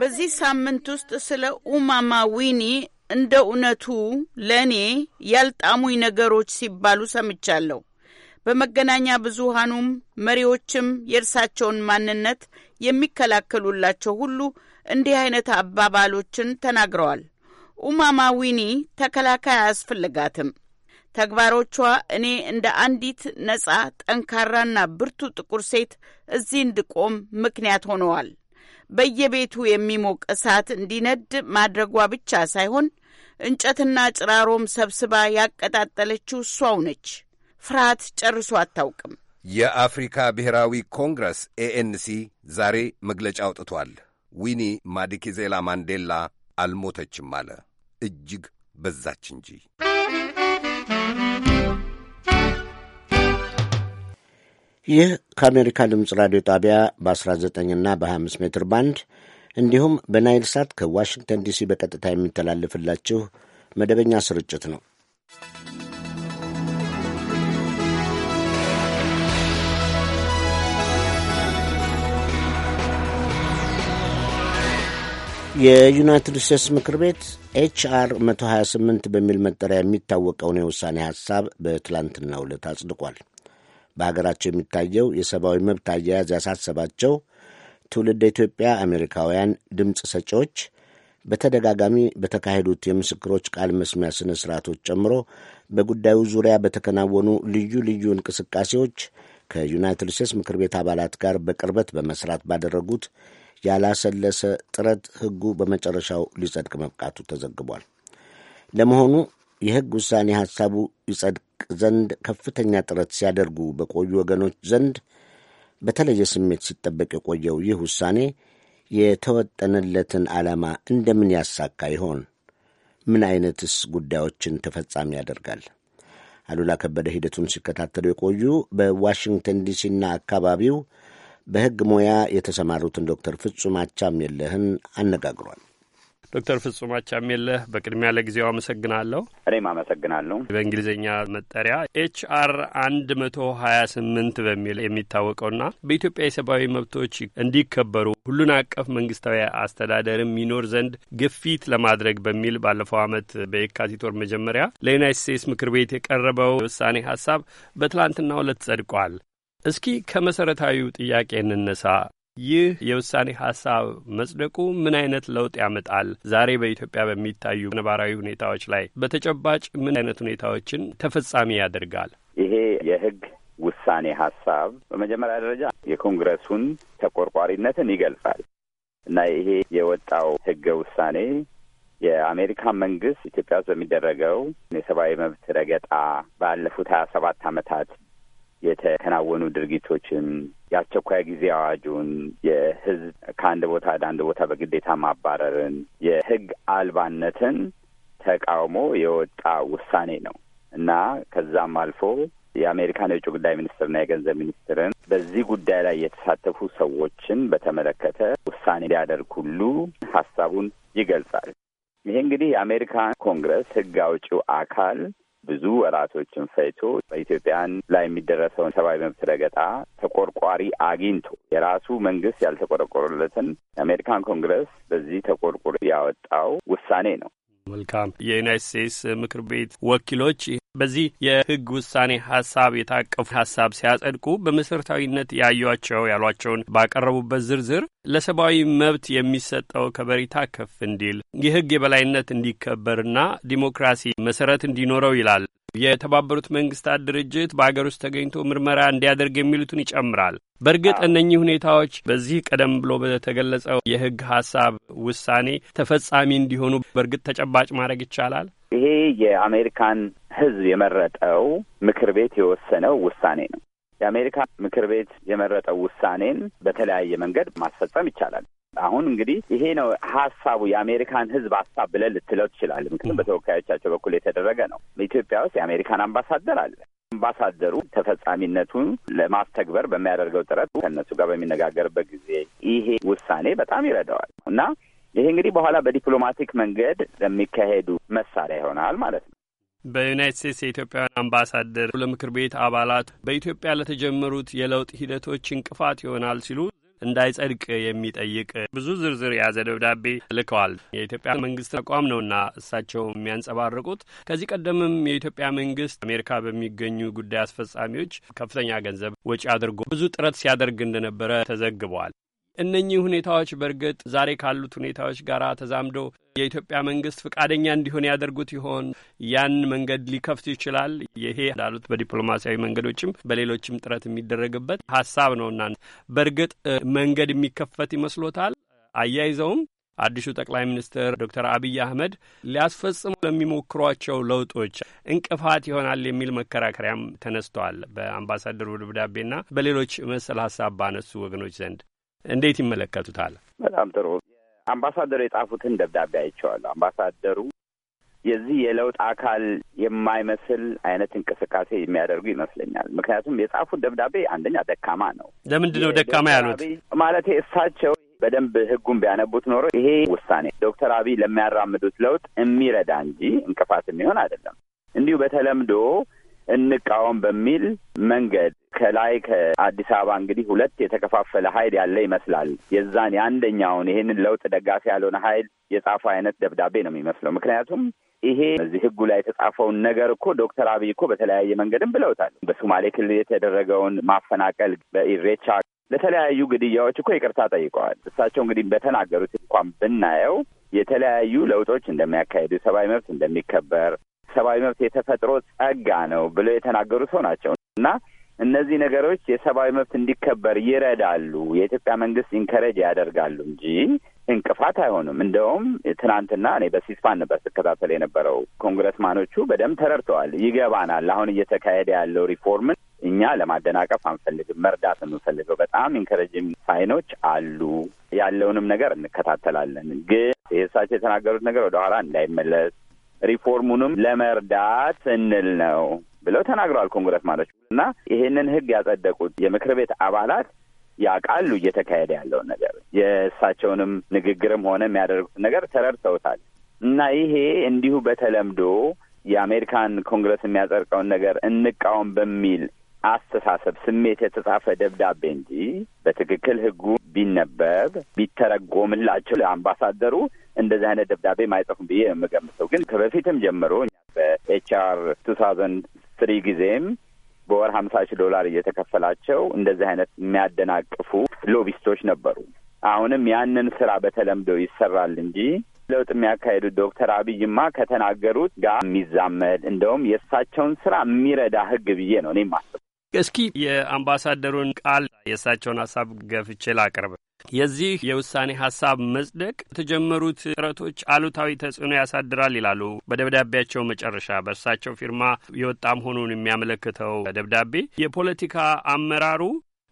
በዚህ ሳምንት ውስጥ ስለ ኡማማ ዊኒ እንደ እውነቱ ለእኔ ያልጣሙኝ ነገሮች ሲባሉ ሰምቻለሁ። በመገናኛ ብዙሃኑም መሪዎችም የእርሳቸውን ማንነት የሚከላከሉላቸው ሁሉ እንዲህ አይነት አባባሎችን ተናግረዋል። ኡማማ ዊኒ ተከላካይ አያስፈልጋትም። ተግባሮቿ እኔ እንደ አንዲት ነጻ ጠንካራና ብርቱ ጥቁር ሴት እዚህ እንድቆም ምክንያት ሆነዋል። በየቤቱ የሚሞቅ እሳት እንዲነድ ማድረጓ ብቻ ሳይሆን እንጨትና ጭራሮም ሰብስባ ያቀጣጠለችው እሷው ነች። ፍርሃት ጨርሶ አታውቅም። የአፍሪካ ብሔራዊ ኮንግረስ ኤኤንሲ ዛሬ መግለጫ አውጥቷል። ዊኒ ማዲኪዜላ ማንዴላ አልሞተችም አለ። እጅግ በዛች እንጂ ይህ ከአሜሪካ ድምፅ ራዲዮ ጣቢያ በ19ና በ25 ሜትር ባንድ እንዲሁም በናይል ሳት ከዋሽንግተን ዲሲ በቀጥታ የሚተላልፍላችሁ መደበኛ ስርጭት ነው። የዩናይትድ ስቴትስ ምክር ቤት ኤችአር 128 በሚል መጠሪያ የሚታወቀውን የውሳኔ ሐሳብ በትላንትናው ዕለት አጽድቋል። በሀገራቸው የሚታየው የሰብአዊ መብት አያያዝ ያሳሰባቸው ትውልድ ኢትዮጵያ አሜሪካውያን ድምፅ ሰጪዎች በተደጋጋሚ በተካሄዱት የምስክሮች ቃል መስሚያ ሥነ ሥርዓቶች ጨምሮ በጉዳዩ ዙሪያ በተከናወኑ ልዩ ልዩ እንቅስቃሴዎች ከዩናይትድ ስቴትስ ምክር ቤት አባላት ጋር በቅርበት በመስራት ባደረጉት ያላሰለሰ ጥረት ሕጉ በመጨረሻው ሊጸድቅ መብቃቱ ተዘግቧል። ለመሆኑ የሕግ ውሳኔ ሐሳቡ ይጸድቅ ዘንድ ከፍተኛ ጥረት ሲያደርጉ በቆዩ ወገኖች ዘንድ በተለየ ስሜት ሲጠበቅ የቆየው ይህ ውሳኔ የተወጠነለትን ዓላማ እንደምን ያሳካ ይሆን? ምን አይነትስ ጉዳዮችን ተፈጻሚ ያደርጋል? አሉላ ከበደ ሂደቱን ሲከታተሉ የቆዩ በዋሽንግተን ዲሲና አካባቢው በሕግ ሙያ የተሰማሩትን ዶክተር ፍጹም አቻምየለህን አነጋግሯል። ዶክተር ፍጹም አቻምየለህ በቅድሚያ ለጊዜው አመሰግናለሁ። እኔም አመሰግናለሁ። በእንግሊዝኛ መጠሪያ ኤች አር አንድ መቶ ሀያ ስምንት በሚል የሚታወቀውና በኢትዮጵያ የሰብአዊ መብቶች እንዲከበሩ ሁሉን አቀፍ መንግስታዊ አስተዳደርም ይኖር ዘንድ ግፊት ለማድረግ በሚል ባለፈው ዓመት በየካቲት ወር መጀመሪያ ለዩናይት ስቴትስ ምክር ቤት የቀረበው ውሳኔ ሀሳብ በትላንትናው ዕለት ጸድቋል። እስኪ ከመሠረታዊው ጥያቄ እንነሳ። ይህ የውሳኔ ሀሳብ መጽደቁ ምን አይነት ለውጥ ያመጣል? ዛሬ በኢትዮጵያ በሚታዩ ነባራዊ ሁኔታዎች ላይ በተጨባጭ ምን አይነት ሁኔታዎችን ተፈጻሚ ያደርጋል? ይሄ የህግ ውሳኔ ሀሳብ በመጀመሪያ ደረጃ የኮንግረሱን ተቆርቋሪነትን ይገልጻል እና ይሄ የወጣው ህገ ውሳኔ የአሜሪካ መንግስት ኢትዮጵያ ውስጥ በሚደረገው የሰብአዊ መብት ረገጣ ባለፉት ሀያ ሰባት ዓመታት የተከናወኑ ድርጊቶችን፣ የአስቸኳይ ጊዜ አዋጁን፣ የህዝብ ከአንድ ቦታ ወደ አንድ ቦታ በግዴታ ማባረርን፣ የህግ አልባነትን ተቃውሞ የወጣ ውሳኔ ነው እና ከዛም አልፎ የአሜሪካን የውጭ ጉዳይ ሚኒስትርና የገንዘብ ሚኒስትርን በዚህ ጉዳይ ላይ የተሳተፉ ሰዎችን በተመለከተ ውሳኔ ሊያደርግ ሁሉ ሀሳቡን ይገልጻል። ይሄ እንግዲህ የአሜሪካን ኮንግረስ ህግ አውጪው አካል ብዙ ወራቶችን ፈይቶ በኢትዮጵያን ላይ የሚደረሰውን ሰብአዊ መብት ረገጣ ተቆርቋሪ አግኝቶ የራሱ መንግስት ያልተቆረቆረለትን የአሜሪካን ኮንግረስ በዚህ ተቆርቁር ያወጣው ውሳኔ ነው። መልካም። የዩናይት ስቴትስ ምክር ቤት ወኪሎች በዚህ የህግ ውሳኔ ሀሳብ የታቀፉ ሀሳብ ሲያጸድቁ በመሰረታዊነት ያዩቸው ያሏቸውን ባቀረቡበት ዝርዝር ለሰብአዊ መብት የሚሰጠው ከበሬታ ከፍ እንዲል የህግ የበላይነት እንዲከበርና ዲሞክራሲ መሰረት እንዲኖረው ይላል። የተባበሩት መንግስታት ድርጅት በአገር ውስጥ ተገኝቶ ምርመራ እንዲያደርግ የሚሉትን ይጨምራል። በእርግጥ እነኚህ ሁኔታዎች በዚህ ቀደም ብሎ በተገለጸው የህግ ሀሳብ ውሳኔ ተፈጻሚ እንዲሆኑ በእርግጥ ተጨባጭ ማድረግ ይቻላል። ይሄ የአሜሪካን ህዝብ የመረጠው ምክር ቤት የወሰነው ውሳኔ ነው። የአሜሪካ ምክር ቤት የመረጠው ውሳኔን በተለያየ መንገድ ማስፈጸም ይቻላል። አሁን እንግዲህ ይሄ ነው ሀሳቡ የአሜሪካን ህዝብ ሀሳብ ብለን ልትለው ትችላለህ። ምክንያቱም በተወካዮቻቸው በኩል የተደረገ ነው። ኢትዮጵያ ውስጥ የአሜሪካን አምባሳደር አለ። አምባሳደሩ ተፈጻሚነቱን ለማስተግበር በሚያደርገው ጥረት ከእነሱ ጋር በሚነጋገርበት ጊዜ ይሄ ውሳኔ በጣም ይረዳዋል እና ይሄ እንግዲህ በኋላ በዲፕሎማቲክ መንገድ ለሚካሄዱ መሳሪያ ይሆናል ማለት ነው። በዩናይት ስቴትስ የኢትዮጵያውያን አምባሳደር ለምክር ቤት አባላት በኢትዮጵያ ለተጀመሩት የለውጥ ሂደቶች እንቅፋት ይሆናል ሲሉ እንዳይጸድቅ የሚጠይቅ ብዙ ዝርዝር የያዘ ደብዳቤ ልከዋል። የኢትዮጵያ መንግስት አቋም ነውና እሳቸው የሚያንጸባርቁት። ከዚህ ቀደምም የኢትዮጵያ መንግስት አሜሪካ በሚገኙ ጉዳይ አስፈጻሚዎች ከፍተኛ ገንዘብ ወጪ አድርጎ ብዙ ጥረት ሲያደርግ እንደነበረ ተዘግቧል። እነኚህ ሁኔታዎች በእርግጥ ዛሬ ካሉት ሁኔታዎች ጋር ተዛምዶ የኢትዮጵያ መንግስት ፈቃደኛ እንዲሆን ያደርጉት ይሆን? ያን መንገድ ሊከፍት ይችላል። ይሄ እንዳሉት በዲፕሎማሲያዊ መንገዶችም በሌሎችም ጥረት የሚደረግበት ሀሳብ እና በእርግጥ መንገድ የሚከፈት ይመስሎታል? አያይዘውም አዲሱ ጠቅላይ ሚኒስትር ዶክተር አብይ አህመድ ሊያስፈጽሙ ለሚሞክሯቸው ለውጦች እንቅፋት ይሆናል የሚል መከራከሪያም ተነስተዋል። በአምባሳደሩ ደብዳቤና በሌሎች መሰል ሀሳብ ባነሱ ወገኖች ዘንድ እንዴት ይመለከቱታል? በጣም ጥሩ። አምባሳደሩ የጻፉትን ደብዳቤ አይቼዋለሁ። አምባሳደሩ የዚህ የለውጥ አካል የማይመስል አይነት እንቅስቃሴ የሚያደርጉ ይመስለኛል። ምክንያቱም የጻፉት ደብዳቤ አንደኛ ደካማ ነው። ለምንድን ነው ደካማ ያሉት? ማለት እሳቸው በደንብ ህጉም ቢያነቡት ኖሮ ይሄ ውሳኔ ዶክተር አብይ ለሚያራምዱት ለውጥ የሚረዳ እንጂ እንቅፋት የሚሆን አይደለም። እንዲሁ በተለምዶ እንቃወም በሚል መንገድ ከላይ ከአዲስ አበባ እንግዲህ ሁለት የተከፋፈለ ኃይል ያለ ይመስላል። የዛን የአንደኛውን ይህንን ለውጥ ደጋፊ ያልሆነ ኃይል የጻፈው አይነት ደብዳቤ ነው የሚመስለው። ምክንያቱም ይሄ እዚህ ህጉ ላይ የተጻፈውን ነገር እኮ ዶክተር አብይ እኮ በተለያየ መንገድም ብለውታል። በሶማሌ ክልል የተደረገውን ማፈናቀል፣ በኢሬቻ ለተለያዩ ግድያዎች እኮ ይቅርታ ጠይቀዋል። እሳቸው እንግዲህ በተናገሩት እንኳን ብናየው የተለያዩ ለውጦች እንደሚያካሄዱ፣ የሰብአዊ መብት እንደሚከበር ሰብአዊ መብት የተፈጥሮ ጸጋ ነው ብለው የተናገሩ ሰው ናቸው እና እነዚህ ነገሮች የሰብአዊ መብት እንዲከበር ይረዳሉ። የኢትዮጵያ መንግስት ኢንከሬጅ ያደርጋሉ እንጂ እንቅፋት አይሆኑም። እንደውም ትናንትና እኔ በሲስፋን ነበር ስከታተል የነበረው። ኮንግረስማኖቹ በደንብ ተረድተዋል። ይገባናል፣ አሁን እየተካሄደ ያለው ሪፎርምን እኛ ለማደናቀፍ አንፈልግም፣ መርዳት የምንፈልገው በጣም ኢንከሬጅም ሳይኖች አሉ። ያለውንም ነገር እንከታተላለን። ግን የእሳቸው የተናገሩት ነገር ወደ እንዳይመለስ ሪፎርሙንም ለመርዳት ስንል ነው ብለው ተናግረዋል። ኮንግረስ ማለት እና ይሄንን ህግ ያጸደቁት የምክር ቤት አባላት ያውቃሉ እየተካሄደ ያለውን ነገር የእሳቸውንም ንግግርም ሆነ የሚያደርጉት ነገር ተረድተውታል። እና ይሄ እንዲሁ በተለምዶ የአሜሪካን ኮንግረስ የሚያጸድቀውን ነገር እንቃወም በሚል አስተሳሰብ ስሜት የተጻፈ ደብዳቤ እንጂ በትክክል ህጉ ቢነበብ ቢተረጎምላቸው ለአምባሳደሩ እንደዚህ አይነት ደብዳቤ ማይጽፉም ብዬ የምገምተው ግን ከበፊትም ጀምሮ በኤች ቱ ታውዘንድ ስሪ ጊዜም በወር ሀምሳ ሺህ ዶላር እየተከፈላቸው እንደዚህ አይነት የሚያደናቅፉ ሎቢስቶች ነበሩ። አሁንም ያንን ስራ በተለምዶ ይሰራል እንጂ ለውጥ የሚያካሄዱት ዶክተር አብይማ ከተናገሩት ጋር የሚዛመድ እንደውም የእሳቸውን ስራ የሚረዳ ህግ ብዬ ነው እኔ ማስብ። እስኪ የአምባሳደሩን ቃል የእሳቸውን ሀሳብ ገፍቼ ላቅርብ። የዚህ የውሳኔ ሀሳብ መጽደቅ የተጀመሩት ጥረቶች አሉታዊ ተጽዕኖ ያሳድራል ይላሉ በደብዳቤያቸው መጨረሻ። በእርሳቸው ፊርማ የወጣ መሆኑን የሚያመለክተው ደብዳቤ የፖለቲካ አመራሩ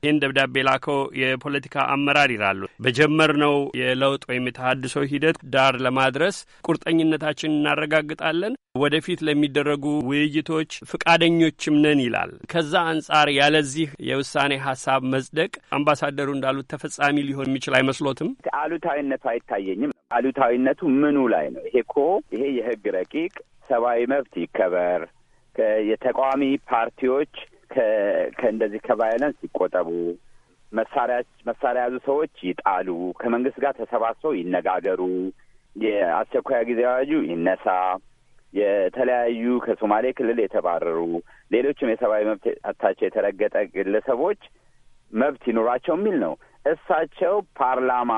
ይህን ደብዳቤ ላከው የፖለቲካ አመራር ይላሉ በጀመርነው የለውጥ ወይም የተሃድሶ ሂደት ዳር ለማድረስ ቁርጠኝነታችን እናረጋግጣለን፣ ወደፊት ለሚደረጉ ውይይቶች ፍቃደኞችም ነን ይላል። ከዛ አንጻር ያለዚህ የውሳኔ ሀሳብ መጽደቅ አምባሳደሩ እንዳሉት ተፈጻሚ ሊሆን የሚችል አይመስሎትም? አሉታዊነቱ አይታየኝም። አሉታዊነቱ ምኑ ላይ ነው? ይሄ እኮ ይሄ የህግ ረቂቅ ሰብአዊ መብት ይከበር፣ የተቃዋሚ ፓርቲዎች ከእንደዚህ ከቫይለንስ ይቆጠቡ፣ መሳሪያ መሳሪያ ያዙ ሰዎች ይጣሉ፣ ከመንግስት ጋር ተሰባስበው ይነጋገሩ፣ የአስቸኳይ ጊዜ አዋጁ ይነሳ፣ የተለያዩ ከሶማሌ ክልል የተባረሩ ሌሎችም የሰብአዊ አታቸው የተረገጠ ግለሰቦች መብት ይኑራቸው የሚል ነው። እሳቸው ፓርላማ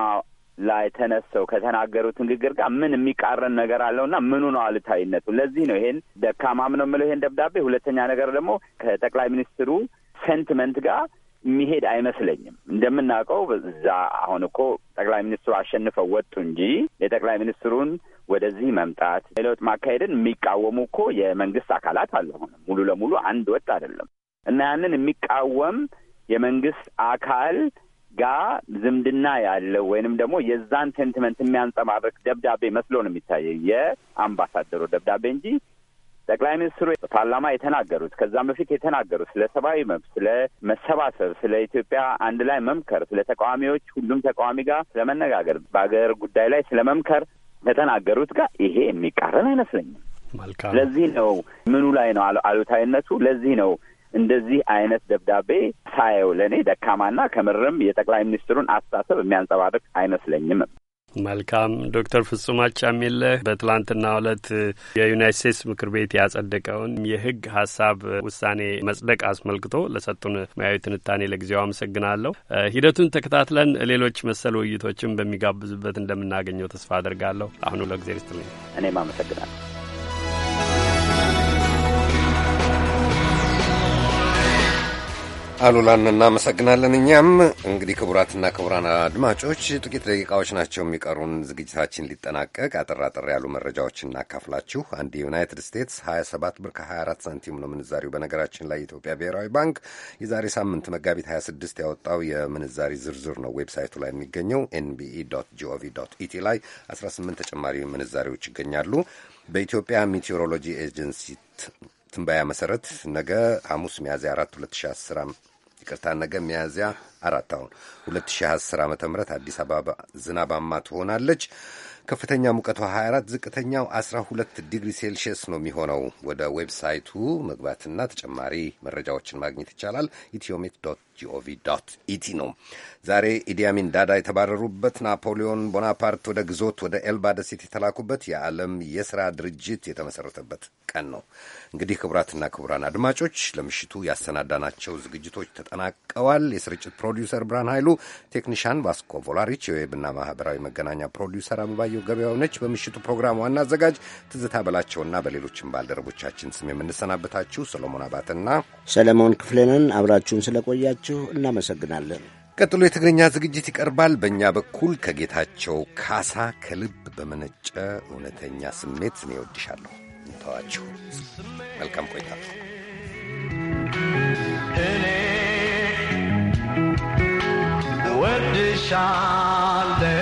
ላይ ተነስተው ከተናገሩት ንግግር ጋር ምን የሚቃረን ነገር አለውና ምኑ ነው አሉታዊነቱ? ለዚህ ነው ይሄን ደካማም ነው የምለው ይሄን ደብዳቤ። ሁለተኛ ነገር ደግሞ ከጠቅላይ ሚኒስትሩ ሴንቲመንት ጋር የሚሄድ አይመስለኝም። እንደምናውቀው እዛ አሁን እኮ ጠቅላይ ሚኒስትሩ አሸንፈው ወጡ እንጂ የጠቅላይ ሚኒስትሩን ወደዚህ መምጣት የለውጥ ማካሄድን የሚቃወሙ እኮ የመንግስት አካላት አልሆነም። ሙሉ ለሙሉ አንድ ወጥ አይደለም እና ያንን የሚቃወም የመንግስት አካል ጋር ዝምድና ያለው ወይንም ደግሞ የዛን ሴንቲመንት የሚያንጸባርቅ ደብዳቤ መስሎ ነው የሚታየው የአምባሳደሩ ደብዳቤ እንጂ ጠቅላይ ሚኒስትሩ ፓርላማ የተናገሩት ከዛም በፊት የተናገሩት ስለ ሰብአዊ መብት፣ ስለ መሰባሰብ፣ ስለ ኢትዮጵያ አንድ ላይ መምከር፣ ስለ ተቃዋሚዎች ሁሉም ተቃዋሚ ጋር ስለመነጋገር፣ በሀገር ጉዳይ ላይ ስለ መምከር ከተናገሩት ጋር ይሄ የሚቃረን አይመስለኝም። ስለዚህ ነው ምኑ ላይ ነው አሉታዊነቱ? ለዚህ ነው እንደዚህ አይነት ደብዳቤ ሳየው ለእኔ ደካማና ከምርም የጠቅላይ ሚኒስትሩን አስተሳሰብ የሚያንጸባርቅ አይመስለኝም። መልካም ዶክተር ፍጹም አቻሜለህ በትላንትና ዕለት የዩናይት ስቴትስ ምክር ቤት ያጸደቀውን የህግ ሀሳብ ውሳኔ መጽደቅ አስመልክቶ ለሰጡን ሙያዊ ትንታኔ ለጊዜው አመሰግናለሁ። ሂደቱን ተከታትለን ሌሎች መሰል ውይይቶችን በሚጋብዙበት እንደምናገኘው ተስፋ አድርጋለሁ። አሁኑ ለጊዜ ርስትልኝ እኔም አመሰግናለሁ። አሉላን እናመሰግናለን። እኛም እንግዲህ ክቡራትና ክቡራን አድማጮች ጥቂት ደቂቃዎች ናቸው የሚቀሩን። ዝግጅታችን ሊጠናቀቅ አጠር አጠር ያሉ መረጃዎችን እናካፍላችሁ። አንድ የዩናይትድ ስቴትስ 27 ብር ከ24 ሳንቲም ነው ምንዛሪው። በነገራችን ላይ የኢትዮጵያ ብሔራዊ ባንክ የዛሬ ሳምንት መጋቢት 26 ያወጣው የምንዛሪ ዝርዝር ነው ዌብሳይቱ ላይ የሚገኘው ኤንቢኢ ጂኦቪ ኢቲ ላይ 18 ተጨማሪ ምንዛሪዎች ይገኛሉ። በኢትዮጵያ ሜቴዎሮሎጂ ኤጀንሲ ትንበያ መሰረት ነገ ሐሙስ ሚያዝያ 4 2010 ይቅርታ ነገ ሚያዝያ አራት አሁን 2010 ዓ ም አዲስ አበባ ዝናባማ ትሆናለች። ከፍተኛ ሙቀቷ 24፣ ዝቅተኛው 12 ዲግሪ ሴልሺየስ ነው የሚሆነው። ወደ ዌብሳይቱ መግባትና ተጨማሪ መረጃዎችን ማግኘት ይቻላል ኢትዮሜት ዶት ጂኦቪ ዶት ኢቲ ነው። ዛሬ ኢዲያሚን ዳዳ የተባረሩበት፣ ናፖሊዮን ቦናፓርት ወደ ግዞት ወደ ኤልባ ደሴት የተላኩበት፣ የዓለም የሥራ ድርጅት የተመሠረተበት ቀን ነው። እንግዲህ ክቡራትና ክቡራን አድማጮች ለምሽቱ ያሰናዳናቸው ዝግጅቶች ተጠናቀዋል። የስርጭት ፕሮዲውሰር ብርሃን ኃይሉ፣ ቴክኒሻን ቫስኮ ቮላሪች፣ የዌብና ማኅበራዊ መገናኛ ፕሮዲውሰር አበባየው ገበያው ነች። በምሽቱ ፕሮግራም ዋና አዘጋጅ ትዝታ በላቸውና በሌሎችም ባልደረቦቻችን ስም የምንሰናበታችሁ ሰሎሞን አባተና ሰለሞን ክፍሌንን አብራችሁን ስለቆያችሁ ስለሆናችሁ እናመሰግናለን። ቀጥሎ የትግርኛ ዝግጅት ይቀርባል። በእኛ በኩል ከጌታቸው ካሳ ከልብ በመነጨ እውነተኛ ስሜት እኔ እወድሻለሁ እንተዋችሁ። መልካም ቆይታ። እኔ እወድሻለሁ